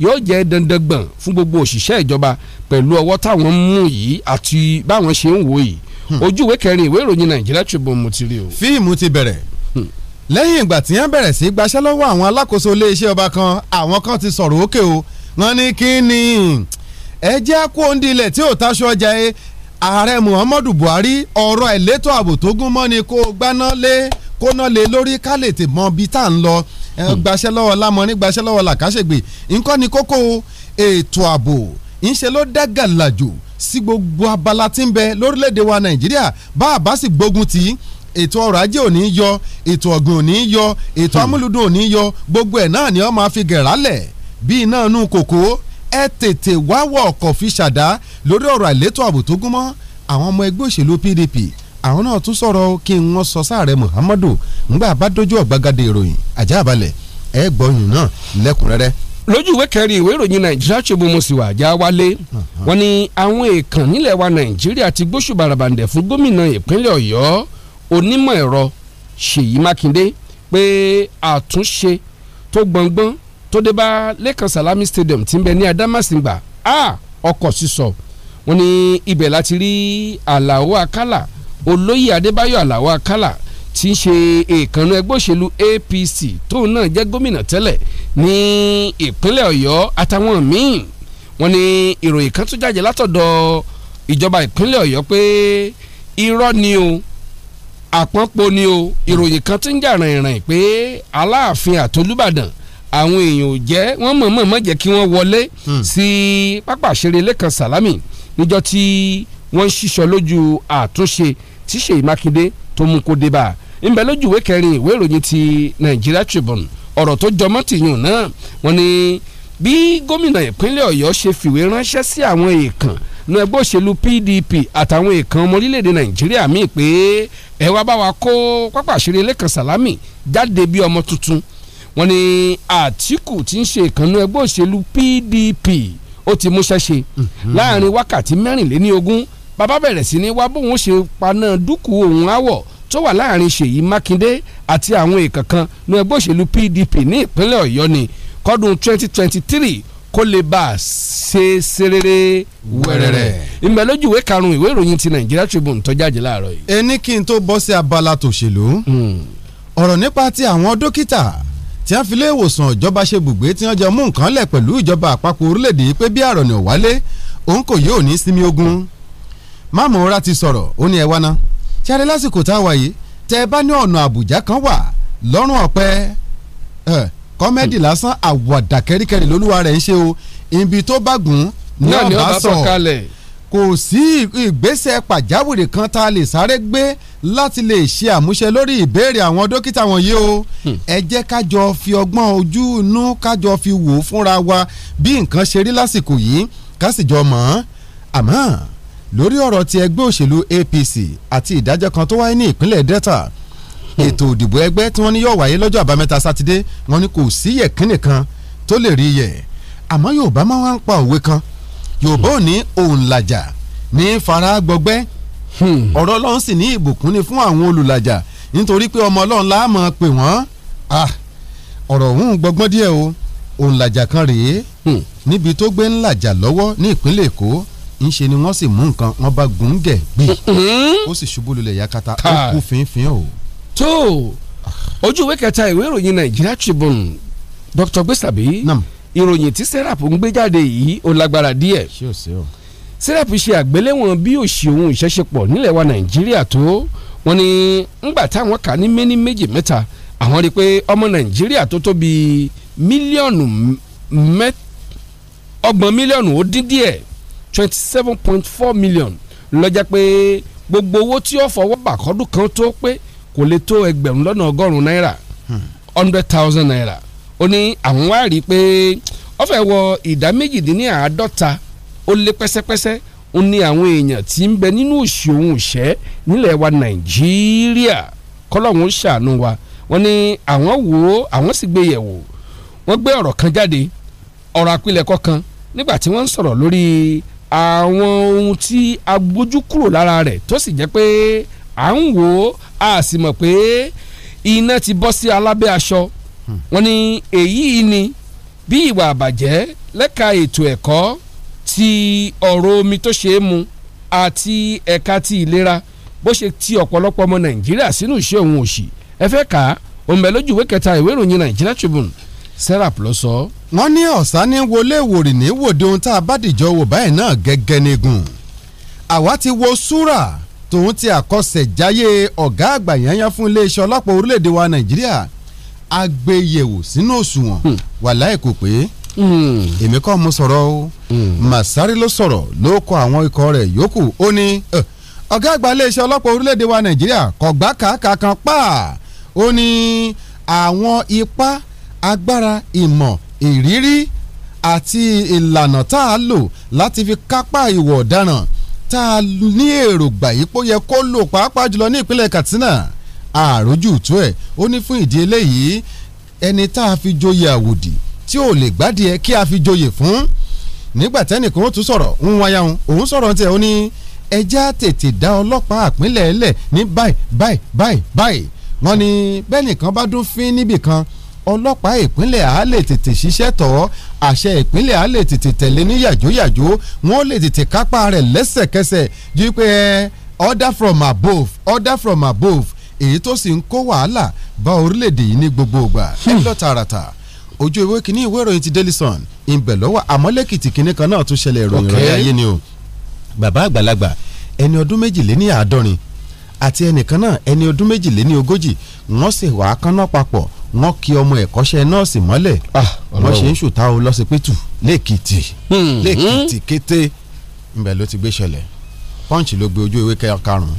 yóò jẹ́ dandan gbọ̀n fún gbogbo òṣìṣẹ́ ìjọba pẹ̀lú ọwọ́ táwọn mú yìí àti báwọn ṣe ń wò yìí hmm. ojú ìwé kẹrin ìwé ìròyìn Nàìjíríà Tribune mo ti rí o. fíìmù ti bẹ̀rẹ̀ hmm. lẹ́yìn ìgbà tí wọ́n bẹ̀rẹ̀ sí gbaṣẹ́ lọ́wọ́ àwọn alákòóso iléeṣẹ́ ọba kan àwọn kan ti sọ̀rọ̀ òkè o wọ́n ní kí ni ẹ jẹ́ kó ń dilẹ̀ tí ò taṣọ ọjà ẹ ààrẹ Muhammadu Buhari ọ̀rọ̀ ẹ̀lẹ́tọ̀ ààbò tó gún mọ́ ni kó gbaná lé kó ná lé lórí ká lè tè mọ bí tá à ń lọ hmm. gbaṣẹ́ lọ́wọ́ lámọ́ ní gbaṣẹ́ lọ́wọ́ làkàṣègbè nǹkan ni kókó ètò ààbò ńṣe ló dá gàlàjò sí gbogbo abala tí ń bẹ lórílẹ̀‐èdè wa nàìjíríà bá a bá sì gbógun tì í ètò ọrọ̀ ajé ò ní í yọ ètò ọ̀gbìn ò ní í yọ ètò hmm. amúlùdùn ò ní í yọ gbogbo ẹ̀ náà ni wọ́n máa fi gẹ̀rálẹ̀ bí iná inú kòkó ẹ tètè wá wọ ọkọ̀ fi ṣàdá lórí ọ̀rọ̀ àìlétò ààbò tó gúnmọ́ àwọn ọmọ ẹgbẹ́ òṣèlú PDP àwọn náà tún sọ̀rọ̀ kí wọ́n sọ sáàrẹ̀ Muhammadu ńgbà bá dójú ọ̀gbagadé ìròyìn àjàbalẹ̀ ẹ gbọ́yìn náà lẹ́kùnrẹ́rẹ́ lójú ìwé kẹrin ìwé ìròyìn nàìjíríà ṣubú mo sì wà já wálé wọ́n ní àwọn èèkàn nílẹ̀ wa nàìjíríà ti gbóṣù bàràbàǹdẹ̀ fún gómìnà ìpínlẹ̀ ọ̀yọ́ onímọ̀ ẹ̀rọ ṣèyí mákindé pé àtúnṣe tó gbọ̀ngbọ́n tó dé bá lẹ́kàn salami stadium ti ń bẹ ní adamasingba a ọkọ̀ sísọ wọ́n ní ibẹ̀ láti rí àlàó akálà olóyè adébáyọ̀ àlàó akálà tí ń ṣe ìkànnú ẹgbẹ́ òṣèlú APC tóun náà jẹ́ gómìnà tẹ́lẹ̀ ní ìpínlẹ̀ Ọ̀yọ́ àtàwọn míì wọ́n ní ìròyìn kan tún jáde látọ̀dọ̀ ìjọba ìpínlẹ̀ Ọ̀yọ́ pé irọ́ ni o àpọ́npo ni o ìròyìn kan ti ń jà rìnrìn pé Aláàfin àtolúbàdàn àwọn èèyàn ò jẹ́ wọ́n mọ̀ọ́mọ̀ má jẹ́ kí wọ́n wọlé hmm. sí pápá àṣírí Lẹ́kan Sàlámì níjọ́ tí wọ́n ń ṣiṣọ́ lójú àtúnṣe tí Ṣèyí tó mú kó dé bá a ńbẹ lójú ìwé kẹrin ìwé ìròyìn ti Nigeria Tribune ọ̀rọ̀ tó jọmọ́ tìyàn náà wọ́n ní bí gómìnà ìpínlẹ̀ Ọ̀yọ́ ṣe fìwé ránṣẹ́ sí àwọn èèkàn ní ẹgbẹ́ òṣèlú PDP àtàwọn èèkàn ọmọ orílẹ̀-èdè Nàìjíríà míì pé ẹ wá bá wa kó pápá àṣírí Lẹ́kan Sàlámì jáde bí ọmọ tuntun wọ́n ní Àtíkù tí ń ṣe ìkànnú ẹgbẹ́ òṣèlú PDP ó ti múṣẹ́ ṣe mhm. láàrin wákàtí mẹ́rìnléní bàbá bẹ̀rẹ̀ sí ní wá bóun ṣe paná dúkù òun áwọ̀ tó wà láàrin Ṣèyí Mákindé àti àwọn èèkàn kan ní ẹgbẹ́ òṣèlú PDP ní ìpínlẹ̀ Ọ̀yọ́ ni kọ́dún 2023 kó lè bá a ṣe serere wẹ́rẹ́rẹ́. ìmọ̀lójú ìwé karùn-ún ìwé ìròyìn ti Nigeria Tribune tó jáde láàárọ̀ yìí. ẹni kí n tó bọ́ sí abala tòṣèlú hmm. ọ̀rọ̀ nípa ti àwọn dókítà tí wọ́n fi lé ìwòsàn ìjọba ṣe bùgbé tí wọ́n jọ mú nǹkan lẹ̀ pẹ̀lú ìjọba àpapọ̀ orílẹ̀-èdè pé bí àrọ̀nì ò wálé òun kò yóò ní sinmi ogun. Mamora ti sọ̀rọ̀ ó ní ẹ wá ná ṣáré lásìkò tá a wà yìí tẹ ẹ bá ní ọ̀nà àbújá kan wà lọ́rùn ọ̀pẹ kọ́mẹ́dì lásán àwàdà kẹ́ríkẹ́rí lolúwa rẹ̀ ń ṣe o ibi tó bá gùn náà ni ọba sọ kò sí ìgbésẹ̀ pàjáwìrì kan tá a lè sáré gbé láti lè ṣe àmúṣe lórí ìbéèrè àwọn dókítà wọ̀nyí o hmm. ẹ jẹ́ kájọ fi ọgbọ́n ojú inú kájọ fi wò fúnra wa bí nǹkan ṣe rí lásìkò yìí kásìjọ mọ̀ àmọ́ lórí ọ̀rọ̀ ti ẹgbẹ́ òṣèlú APC àti ìdájọ́ kan tó wáyé ní ìpínlẹ̀ Delta ètò òdìbò ẹgbẹ́ tí wọ́n ní yóò wáyé lọ́jọ́ àbámẹ́ta sátidé wọ́n ní kò sí yẹ̀kín nìkan tó lè rí yẹ̀ àmọ́ Yorùbá máa ń pa òwe kan Yorùbá ò ní òǹlàjà ní fara gbọgbẹ́ hmm, ọ̀rọ̀ ọlọ́run sì ní ìbùkún ni fún àwọn olùlàjà nítorí pé ọmọ ọlọ́run la máa pè wọ́n ah, ọ̀rọ̀ òun gbọgbọ́n díẹ̀ o òǹlàjà kan rèé hmm. níbi tó gbé ńlàjà lọ́wọ́ ní ìpínlẹ̀ Èkó ńṣe ni wọ́n sì mú nǹkan wọ́n bá gúngẹ̀ gbé mm-hmm. ó sì ṣubú lulẹ̀ yakata ó kú fínfín o. tó ojú ìwé kẹta ìwé ìròyìn Nigeria Tribune Dr. Gbèsàbí ìròyìn tí serap ń gbé jáde yìí ó lágbára díẹ̀ serap ṣe àgbéléwọ̀n bí òṣì ohun ìṣẹ́ṣepọ̀ nílẹ̀ wa Nàìjíríà tó wọ́n ní ńgbà táwọn kà ní méní méjì mẹ́ta àwọn rí i pé ọmọ Nàìjíríà tó tó bíi mílíọ̀nù mẹ́ ọgbọ̀n mílíọ̀nù ó dín díẹ̀ twenty seven point four million ló jẹ́ pé gbogbo owó tí ó fọwọ́ bà kọ́dún kan tó pé kò lè tó ẹgbẹ̀rún lọ́nà ọgọ́rùn-ún náírà hundred thousand naira ó ní àwọn wá rí i pé ó fẹ́ wọ ìdá méjìdínláàádọ́ta ó lé pẹ́sẹ́pẹ́sẹ́ ó ní àwọn èèyàn tí ń bẹ nínú òṣì òun òṣẹ́ nílẹ̀ wa nàìjíríà kọ́lọ́hún ṣàánú wa wọ́n ní àwọn wò àwọn sì gbé yẹ̀ wò wọ́n gbé ọ̀rọ̀ kan jáde ọ̀rọ̀ àpilẹ̀kọ kan nígbà tí wọ́n ń sọ̀rọ̀ lórí àwọn ohun tí a gbójú kúrò lára rẹ̀ tó sì jẹ́ pé à ń wò ó a sì mọ̀ pé iná ti bọ́ sí alábẹ́ aṣọ hmm. wọn ni èyí ni bí ìwà àbàjẹ́ lẹ́ka ètò ẹ̀kọ́ ti ọ̀rọ̀ omi tó ṣe é mu àti ẹ̀ka ti ìlera bó ṣe ti ọ̀pọ̀lọpọ̀ ọmọ nàìjíríà sínú ìṣẹ́ òun òṣì ẹ fẹ́ kà á òǹbẹ̀ lójú ìwé kẹta ìwé ìròyìn nàìjíríà tribune serap ló sọ ọ́ wọ́n ní ọ̀sá ní wọlé wòrì ní wòde ohun tá a bá dìjọ wò báyìí náà gẹ́gẹ́ nígùn àwa ti wo súrà tòun ti àkọsẹ̀jáyé ọ̀gá àgbà yanyan fún iléeṣẹ́ ọlọ́pàá orílẹ̀‐èdè wa nàìjíríà agbèyẹ̀wò sínú òṣùwọ̀n hmm. wàláì kò pé hmm. èmi kọ́ mo sọ̀rọ̀ o hmm. màsárì ló sọ̀rọ̀ ló kọ àwọn ikọ̀ rẹ̀ yòókù ó ní ọ̀gá àgbà iléeṣẹ́ ọlọ́pàá orílẹ̀‐èdè wa nàìjíríà kọ̀gbá kàákà kan pa ó ní àwọn ipá agbára ìmọ̀ ìrírí àti ìlànà tá a lò láti fi kápá ìwọ̀ ọ̀daràn tá a ní èròǹgbà yìí pó yẹ kó lò pàápàá jùlọ ní ìpínlẹ̀ Katsina àròjù ẹ̀ ó ní fún ìdí eléyìí ẹni tá a fi joyè àwòdì tí ò lè gbádìí ẹ kí a fi joyè fún nígbà tẹ́nìkan ó tún sọ̀rọ̀ ń wáyà òun òun sọ̀rọ̀ tiẹ̀ ó ní ẹjẹ́ tètè dá ọlọ́pàá àpínlẹ̀ ẹlẹ̀ ní báyìí báyìí báyìí báyìí wọ́n ní bẹ́ẹ̀ nìkan bá dún fín níbì ọlọ́pàá ìpínlẹ̀ a lè tètè ṣiṣẹ́ tọ̀ àṣẹ ìpínlẹ̀ a lè tètè tẹ̀lé ní yàjóyàjó wọn ó lè tètè kápá rẹ̀ lẹ́sẹ̀kẹsẹ̀ ju pé order from above order from above èyí tó sì ń kó wàhálà bá orílẹ̀-èdè yìí ní gbogbo ìgbà ẹ lọ tààràtà ojú ewé kínní ìwé ìròyìn ti Daily Sun ìbẹ̀ lọ́wọ́ àmọ́lẹ́kìtì kínní kan náà tún ṣẹlẹ̀ ìròyìn rẹ̀ ayé ni o bàbá àgbàlagbà ẹni ọdún méjìléní àádọ́rin àti ẹnìkan náà ẹni ọdún méjìléní ogójì wọ́n sì wà á papọ̀ wọ́n kí ọmọ ẹ̀kọ́ṣẹ́ nọ́ọ̀sì mọ́lẹ̀ ah, wọ́n ṣe ń ṣùtá o lọ́sípítù lẹ́kìtì hmm. lẹ́kìtì kété ńbẹ̀ ló ti gbé ṣẹlẹ̀ pọ́ǹchì ló gbé ojú ewé karùn-ún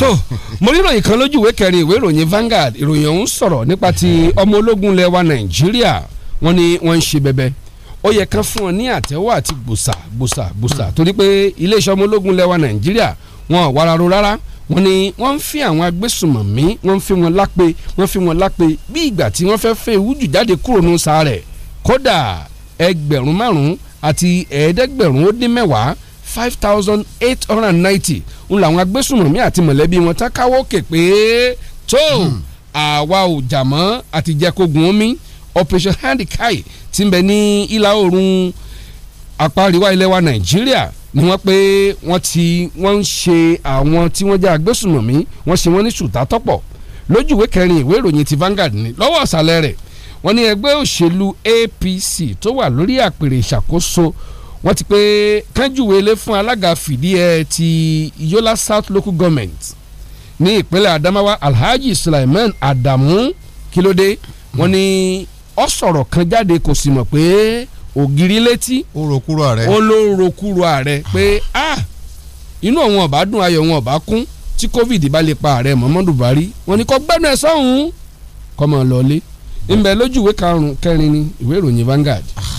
tó hmm. mo rí ìròyìn kan lójú ìwé kẹrin ìwé ìròyìn Vanguard ìròyìn ọ̀hún sọ̀rọ̀ nípa ti ọmọ ológun lẹwa Nàìjíríà wọ́n ní wọ́n ń ṣe bẹ̀bẹ̀ ó yẹ kán fún ọ ní àtẹ́wọ́ àti gbòsà gbòsà gbòsà torí pé iléeṣẹ́ ọmọ ológun lẹwa Nàìjíríà wọn ò wàrà rárá wọ́n ní wọ́n ń fi àwọn agbésùmọ̀mí wọ́n ń fi wọn lápè wọ́n fi wọn lápè bí ìgbà tí wọ́n fẹ́ fẹ́ ìwújù jáde kúrò ní sàárẹ̀ kódà ẹgbẹ̀rún márùn-ún àti ẹ̀ẹ́dẹ́gbẹ̀rún ó dín mẹ́wàá five thousand eight hundred ninety ń làwọn agbésùmọ̀mí àti mọ̀lẹ́bí wọn tán káwọ́ òkè pé tó hmm. àwa ò jà mọ́ àti jẹ́kógun omi operation handikai ti ń bẹ ní ìlà oòrùn apá àríwá ilẹ̀ wa nàìjíríà ni wọ́n pé wọ́n ti wọ́n ń ṣe àwọn tí wọ́n jẹ́ agbésùmọ̀mí wọ́n ṣe wọ́n ní ṣùtá tọ́pọ̀ lójú kẹrin ìwé ìròyìn ti Vanguard ni lọ́wọ́ ọ̀sàlẹ̀ rẹ̀ wọ́n ní ẹgbẹ́ òṣèlú APC tó wà lórí àpèrè ìṣàkóso wọ́n ti pé kánjúwe ilé fún alága fìdí ẹ ti Yola South Local Government ní ìpínlẹ̀ Adamawa Alhaji Sulaiman Adamu kílódé wọ́n ní ó sọ̀rọ̀ kan jáde kò sì mọ̀ pé ògiri létí ó rokúrò ààrẹ ó ló ń rokúrò ààrẹ pé ah inú àwọn ọba dùn ayọ̀ wọn ọba kún tí covid bá lè pa ààrẹ Muhammadu Buhari wọn ni kò gbẹ́nu ẹ̀ sọ́hún kọ́ mọ̀ lọ́lé ńbẹ lójú ìwé karùn-ún kẹrin ni ìwé ìròyìn Vanguard. Ah,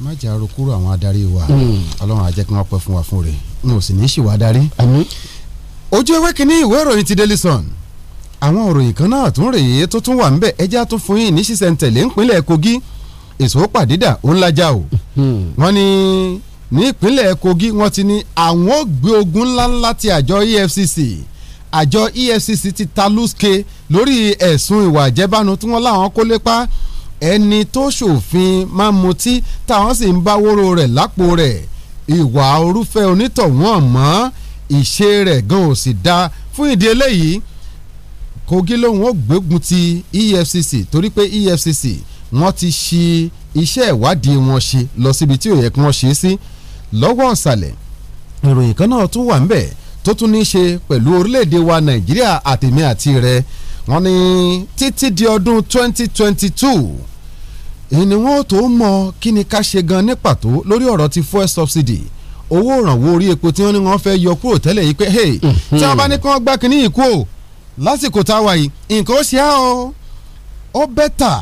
má jà rokúrò àwọn adarí wa hmm. Ọlọ́run á jẹ́ kí wọ́n pẹ́ fún wa fún rẹ̀ n ò sì ní í ṣìwà adarí. ojú ewé kínní ìwé ìròyìn ti Daily Sun àwọn òròyìn kan náà tún rèé tó tún wà ńbẹ ẹjá tún fún yín ní ṣísẹ̀ntẹ̀lé ńpínlẹ̀ Kogi èso pàdídà ó lájà o hmm. wọ́n ní ní ìpínlẹ̀ Kogi wọ́n ti ní àwọn ó gbé ogun ńláńlá ti àjọ EFCC àjọ EFCC ti ta lùsùkè lórí ẹ̀sùn ìwà àjẹbánu tí wọ́n láwọn kó lépa ẹni tó ṣòfin máa mutí táwọn sì ń bá wóró rẹ̀ lápò rẹ̀ ìwà orúfẹ́ onítọ̀wọ́n mọ́ ìṣe rẹ̀ gan ò sì dáa fún ìdí eléyìí Kogi lòun ó gbógun ti EFCC torí pé EFCC wọ́n ti ṣe iṣẹ́ ìwádìí wọn ṣe lọ síbi tí ò yẹ kí wọ́n ṣe sí lọ́wọ́ ọ̀sàlẹ̀ ìròyìn kan náà tún wà ń tó tún ní í ṣe pẹ̀lú orílẹ̀ wa nàìjíríà àtèmi àti rẹ̀ wọ́n ní títí di ọdún 2022 ìní wọn tó mọ kí ni ká ṣe gan ní pàtó lórí ọ̀rọ̀ ti fuel subsidy owó òrànwó orí epo tí wọ́n ní wọ́n fẹ́ yọ kúrò tẹ́lẹ̀ yìí pé hey tí wọ́n bá ní kí wọ́n gbá kínní yìí kú o lásìkò tá a wà yìí nǹkan ó ṣe á o ó bẹ́tà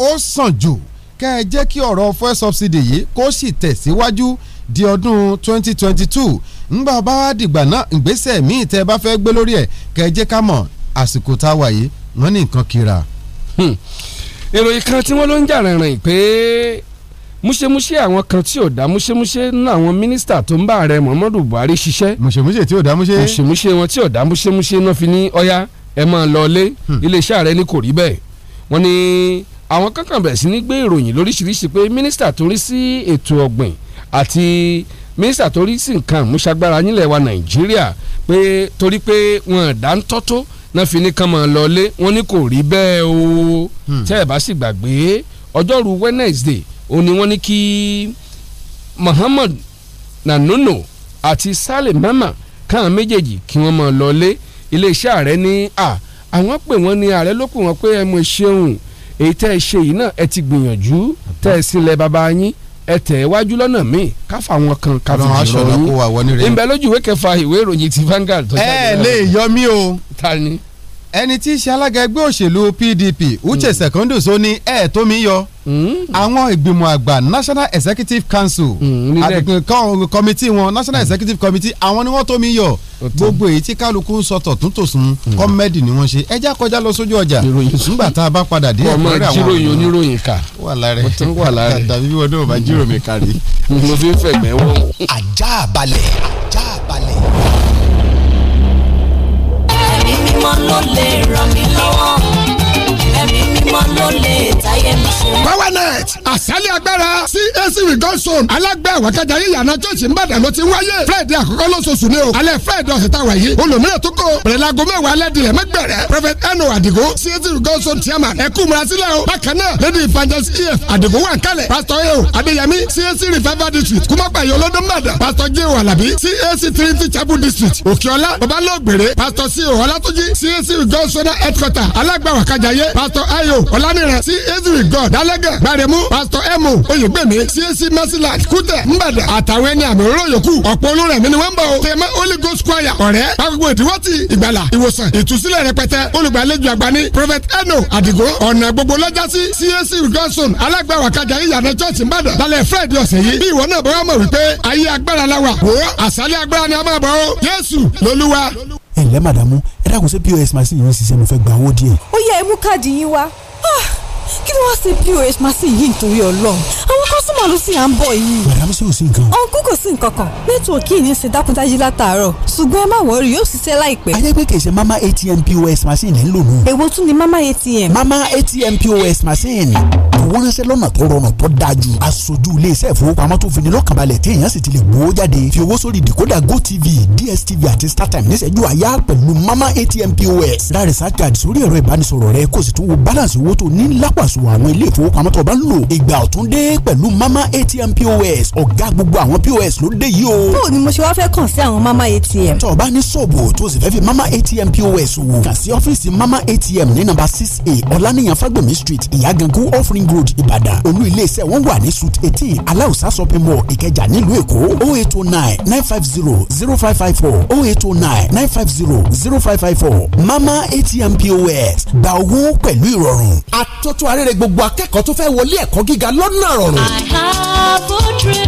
ó sàn jù kẹ́ ẹ jẹ́ kí ọ̀rọ̀ fuel subsidy yìí kó sì tẹ̀síwájú di ọdún 2022 ńgbà bá wá dìgbà náà ìgbésẹ̀ míì tẹ́ ẹ bá fẹ́ gbé lórí ẹ̀ kẹ́ ẹ jẹ́ ká mọ̀ àsìkò tá a wà yìí wọ́n ní nǹkan kíra. Hmm. ìròyìn kan tí wọ́n ló ń jà rìnrìn pé múṣemúṣe àwọn kan tí ò dá múṣemúṣe nínú àwọn mínísítà tó ń bá ààrẹ Muhammadu Buhari ṣiṣẹ́. múṣemúṣe tí ò dá múṣe. múṣemúṣe wọn tí ò dá múṣemúṣe náà fi ní ọ̀yá ẹ máa lọ ilé hmm. iléeṣẹ́ ààrẹ ní kò rí bẹ́ẹ̀ wọ́n ní àwọn kankan bẹ̀rẹ̀ sí ní gbé ìròyìn lóríṣiríṣi pé mínísítà tó rí sí ètò ọ̀gbìn àti mínísítà tó rí sí nǹkan àmúṣagbára nílẹ̀ wa nàìjíríà pé torí pé wọn ẹ̀dá ń tọ́tó náà fi ní kán mọ̀ lọ́lé wọn ní kò rí bẹ́ẹ̀ o hmm. tẹ́ ẹ̀ bá sì gbàgbé ọjọ́rú wednesday òun ni kí muhammad nanono àti sale mama káwọn méjèèjì kí wọ́n mọ̀ lọ́lé iléeṣẹ́ ààrẹ ní à àwọn pè wọ́n ní ààrẹ ló pè pé ẹ mọ̀ ṣeun èyí tẹ́ ẹ ṣe yìí náà ẹ ti gbìyànjú tẹ́ ẹ sílẹ̀ bàbá yín ẹ tẹ̀ ẹ wájú lọ́nà míì káfa àwọn kan káfi jùlọ yín ìbẹ̀ lójú ìwé ìròyìn ti Vanguard ẹ lè yọ mí o. ta ni ẹni tí í ṣe alága ẹgbẹ́ òṣèlú PDP Uche hmm. Secondus ó ní ẹ̀ tó mi yọ hmm. àwọn ìgbìmọ̀ àgbà National Executive Council hmm, àdìgún committee wọn National Executive Committee àwọn ni wọ́n tó mi yọ gbogbo èyí tí kálukú ń sọtọ̀ tún tòsùn kọ́mẹ́dì ni wọ́n ṣe ẹja kọjá lọ sójú ọjà nígbà tá a bá padà dé ẹ̀kọ́ rẹ̀ àwọn ọmọ jíròyìn oníròyìn kà wà lára ẹ̀ wà lára ẹ̀ tàbí wọn náà bá jíròyìn kárí. mo fi ń fẹ̀gbẹ́ wọ́n. ajá balẹ̀ ajá balẹ̀ ẹ̀mí mímọ́ ló lè ràn mí lọ́wọ́ ẹ̀mí mímọ́ ọmọ ló lè táyé mi ṣe. power night àṣálẹ̀ agbára cac rigonson alágbé àwàkájà yíyànà church ìbàdàn ló ti wáyé friday àkọ́kọ́ lóṣooṣù ni friday ọ̀sẹ̀ tá a wà yìí olùmíràn tó kọ bẹ̀rẹ̀lago mẹ́wàá alẹ́dìrẹ̀ mẹ́gbẹ̀rẹ̀ prophet eno adigo cac rigonson chairman ẹ̀kú murasílẹ̀ o bákan náà lady evangelist ef adigo wà kálẹ̀ pastor eo adéyẹmí cac revival district kúmọ́pàyọ lọ́dún mẹ́ta pastor jeo alabi cac ọ̀lànìràn sí ezri god dalẹ́gẹ̀ gbàdémù pastor emu oyègbèmí csc mercilad kútẹ̀ nbàdàn àtàwọn ẹni àmì òróró yòókù ọ̀pọ̀ olórẹ̀mí ni wọ́n ń bọ̀ o tẹ̀mẹ́ holy ghost choir ọ̀rẹ́ gbàgbogbo ìdíwọ́ ti ìgbàlà ìwòsàn ìtúsílẹ̀ rẹpẹtẹ olùgbàlejò àgbà ní prophet eno àdìgó ọ̀nà gbogbo lọ́jà sí csc godson alágbàwà kájà ìyànà church nbàdàn lálẹ́ Fred ọ̀sẹ̀ yìí bí ìwọ náà bọ́ wá mọ̀ wípé ayé agbára la ni a máa bọ̀ ó jésù lolúwa. ẹ ǹlẹ́ màdàmú ẹ dákun sí pọ́s machine yìí ń ṣiṣẹ́ mo fẹ́ gba owó díẹ̀. ó yẹ ẹ káàdì yín wá kí ni wọ́n ṣe pos machine yìí nítorí ọlọ́run àwọn kọ́sùmọ̀ ló sì à ń bọ̀ yìí. madam sí ò sí nǹkan. ọ̀nkú kò sí nǹkan kan nẹ́tíwọ̀kì yìí ń ṣe dákúndájí látàárọ̀ ṣùgbọ́n ẹ má wọrí yóò ṣiṣẹ́ láìpẹ́. ajẹ́ pé kì í ṣe mama atm pos machine lẹ́ ń lò nù. èwo tún ni mama atm. mama atm pos machine wọ́n ránṣẹ́ lọ́nà tó rọrùn tó dájú. aṣojú iléeṣẹ́ ìfowópamọ́ tó fi ni lọ́kànbalẹ̀ tí èèyàn sì ti lè gbowó jáde. fi owó sórí decoder gotv dstv àti startime níṣẹ́jú àyà pẹ̀lú mama atm pos. ra research card sórí ẹ̀rọ ìbánisọ̀rọ̀ rẹ kó o sì tún wo balance owó tó ní lápá àsùnwọ̀n àwọn ilé ìfowópamọ́ tó bá ń lò ìgbà ọ̀tun dé pẹ̀lú mama atm pos ọ̀gá gbogbo àwọn pos ló dé yìí o. bó o ni mo ṣe wá fẹ́ kàn sí àwọn mama atm. tó bá ní ṣòbò tó sì fẹ́ fi mama atm pos wò kàn sí ọ́fíìsì mama atm ní nàmbà six a ọ̀lànìyàn fagbemi street ìyàgànkù offering road ìbàdàn olú iléeṣẹ́ wọn wà ní suit eighteen aláùsá shopping mall ìkẹjà nílùú èkó oh eight oh nine nine five zero zero five five four oh eight oh nine nine five zero zero five five four mama atm pos gba owó pẹ̀lú ìrọ̀rùn àtọ́tọ́ rere gbogbo akẹ́kọ̀ọ́ tó fẹ́ wọlé ẹ̀kọ́ gíga lọ́nà rọrùn. I have a dream.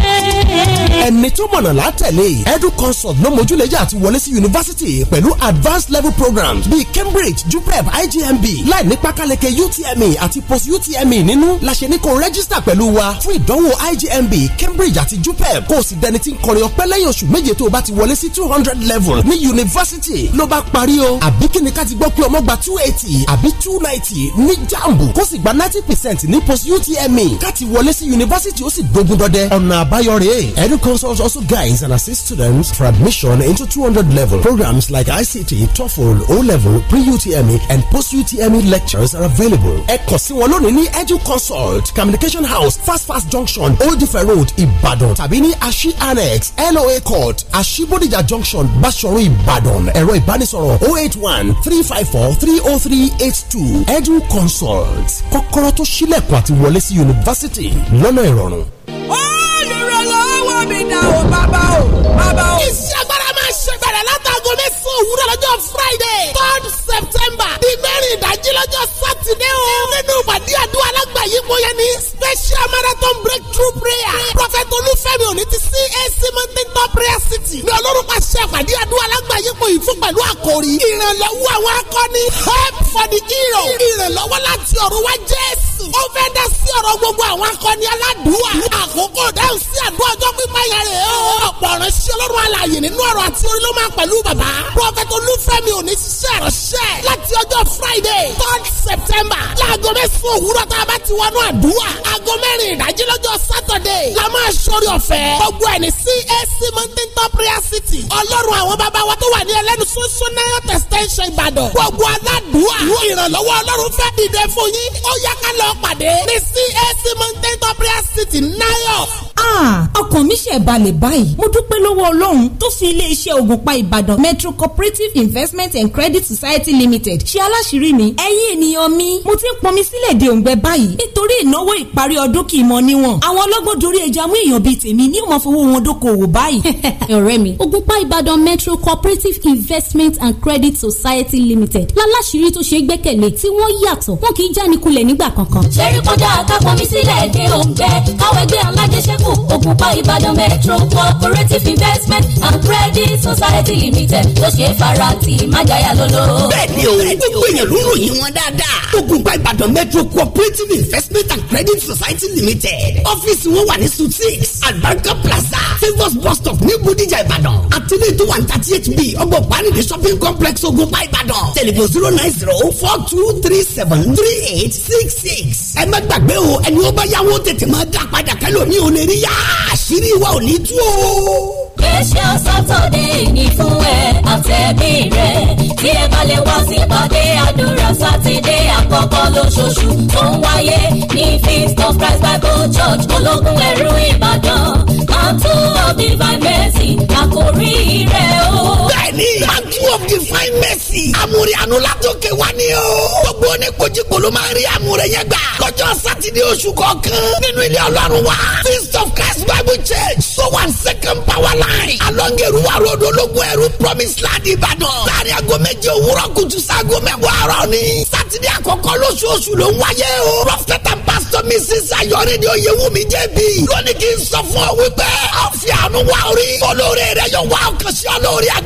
ẹni tó mọ̀nà látẹ̀lé edu consult ló mójúlẹ̀jà àti wọlé sí yunifásitì pẹ̀lú advanced level programs bíi Cambridge JUPEB IJMB láì ní pákáleke UTME àti post UTME nínú la ṣe ní kó rẹ́gísítà pẹ̀lú wa fún ìdánwò IJMB Cambridge àti JUPEB kó o sì dẹni tí ń kọrin ọpẹ́ lẹ́yìn oṣù méje tó o bá ti wọlé sí two hundred level ní yunifásitì ló bá parí o àbí kíni ká ti gbọ́ pé ọmọ gba two eighty àbí two ninety ní jambu kó sì gba ninety percent ní post UTME káti wọlé sí yunifásitì ó sì gbógun dọdẹ. ọ̀nà àbáyọ rèé Edu consult also guides and assist students for admission into two hundred level programs like ICT TOEFL O level pre-UTME and post-UTME lectures are available. ẹ sí wọn lónìí ní Edu consult communication house fast fast junction Old Ife road Ibadan. tàbí ní Ashi annex LOA court Ashibodija junction Basoro Ìbàdàn ẹ̀rọ ìbánisọ̀rọ̀ 081 354 30382 Edu consult kọ́kọ́ kọ́kọ́rọ́ tó ṣílẹ̀kùn àti wọlé sí yunifásitì lọ́nà ìrọ̀rùn. olùrànlọ́wọ́ mi dà o bàbá o bàbá o. iṣẹ́ agbára máa ṣe bẹ̀rẹ̀ látago mẹ́sàn-án òwúrọ̀ lọ́jọ́ friday third september di mẹ́rin ìdájí lọ́jọ́ sátidé o. nínú ìpàdé àdúrà alágbàyípo yẹn ní special marathon breakthrough prayer prophet olúfẹ́mi òní ti CAC mountain top prayer city ní ọlọ́run pàṣẹ ìpàdé àdúrà alágbàyípo yìí fún pẹ̀lú àkòrí ìrànlọ́wọ́ àwọn akọni help for the hero ìrànlọ́wọ́ lá sí ọ̀run wá Jésù. Ó fẹ́ dá sí ọ̀rọ̀ gbogbo àwọn akọni aládùúwà. Àkókò dáhùn sí àdúrà ọjọ́ pípa yẹn rè ọlọ́run alààyè nínú ọ̀rọ̀ àti orí ló máa pẹ̀lú bàbá. prọfẹ̀tì olúfẹ́mi òní ṣiṣẹ́ ránṣẹ́ láti ọjọ́ friday third september láago mẹ́sàn-án òwúrọ̀ tá a bá ti wọnú àdúrà aago mẹ́rin ìdájí lọ́jọ́ saturday la máa ṣorí ọ̀fẹ́. gbogbo ẹni CAC mountain top prayer city ọlọ́run àwọn bàbá wa tó wà ní ẹlẹ́nu sunsun náírà tẹ̀sítẹ́ǹṣẹ̀ ìbàdàn gbogbo aládùúà ìrànlọ́wọ́ ọlọ́run fẹ́ dìde fún yín ó yá ká lọ pàdé ní CAC mountain top prayer city náírà ọkàn mi ṣe balẹ̀ báyìí mo dúpẹ́ lọ́wọ́ ọlọ́run tó fi iléeṣẹ́ ògùnpa ìbàdàn metro cooperative investment and credit society limited ṣe aláṣìírí mi ẹ̀yin ènìyàn mi mo ti ń pọnmi sílẹ̀ de òǹgbẹ báyìí nítorí ìnáwó ìparí ọdún kì í mọ níwọ̀n àwọn ọlọ́gbọ́n dorí ẹja mú èèyàn bíi tèmi ní ìmọ̀ fowó wọn dókòwò báyìí. ọ̀rẹ́ mi ògùnpa ìbàdàn metro cooperative investment and credit society limited láláṣìírí tó ṣe é gbẹ́kẹ̀lé tí wọ́n yàtọ̀ wọn kì í jánikulẹ̀ nígbà kankan. ṣe rí kọjá àkàpọ̀ mi alájẹsẹ́kù ògùnpá ìbàdàn metro cooperative investment and credit society limited tó ṣe é fara ti májàyà lọ́lọ́. bẹ́ẹ̀ni o gbogbo èèyàn ló ròyìn wọn dáadáa ògùnpá ìbàdàn metro cooperative investment and credit society limited ọ́fíìsì wọn wà ní suite six albarka plaza favours bus stop ní bodijà ìbàdàn àtẹlẹ tó two ní thirty eight b ọgbọ̀n panidi shopping complex ògùnpá ìbàdàn tẹlifon zero nine zero four two three seven three eight six six ẹ má gbàgbé o ẹni ó bá yáwó tètè máa dá padà kẹ́lò ní òun lè rí yá àṣírí wa ò ní tú o. Special Saturday ni fún ẹ àtẹ̀bí rẹ̀ tí ẹ bá lè wá sípàdé àdúrà sátidé àkọ́kọ́ lóṣooṣù tó ń wáyé ní feast of Christ Bible Church ológun ẹ̀rú Ìbàdàn Bank two of divine mercy àkòrí rẹ̀ o. Bẹ́ẹ̀ni, Bank of divine mercy, àmúrí àánú látòkè wá ní o. Gbogbo oníkojúkò ló máa rí àmúrẹ̀ yẹn gbà. Lọ́jọ́ Sátidé oṣù kọ̀ọ̀kan nínú ilé Ọlọ́run wa. Feast of Christ Bible Church, so one second power line. Alọ́ngẹ̀rúwà Rodo, ológun ẹ̀rú Promise Land Ìbàdàn. Láàrin aago méje òwúrọ̀ kùtù sáago mẹ́wàá àárọ̀ ni. Sátidé àkọ́kọ́ lóṣooṣù ló ń wáyé o. Prophet and pastor Mrs. Ayọ̀rẹ́dẹ̀ Oyewumi JB. Lónìí kì í sọ fún ọ wípé a fi àánú wá orí olóore rẹ yóò wá ọkàn sí olóore àgbẹ̀.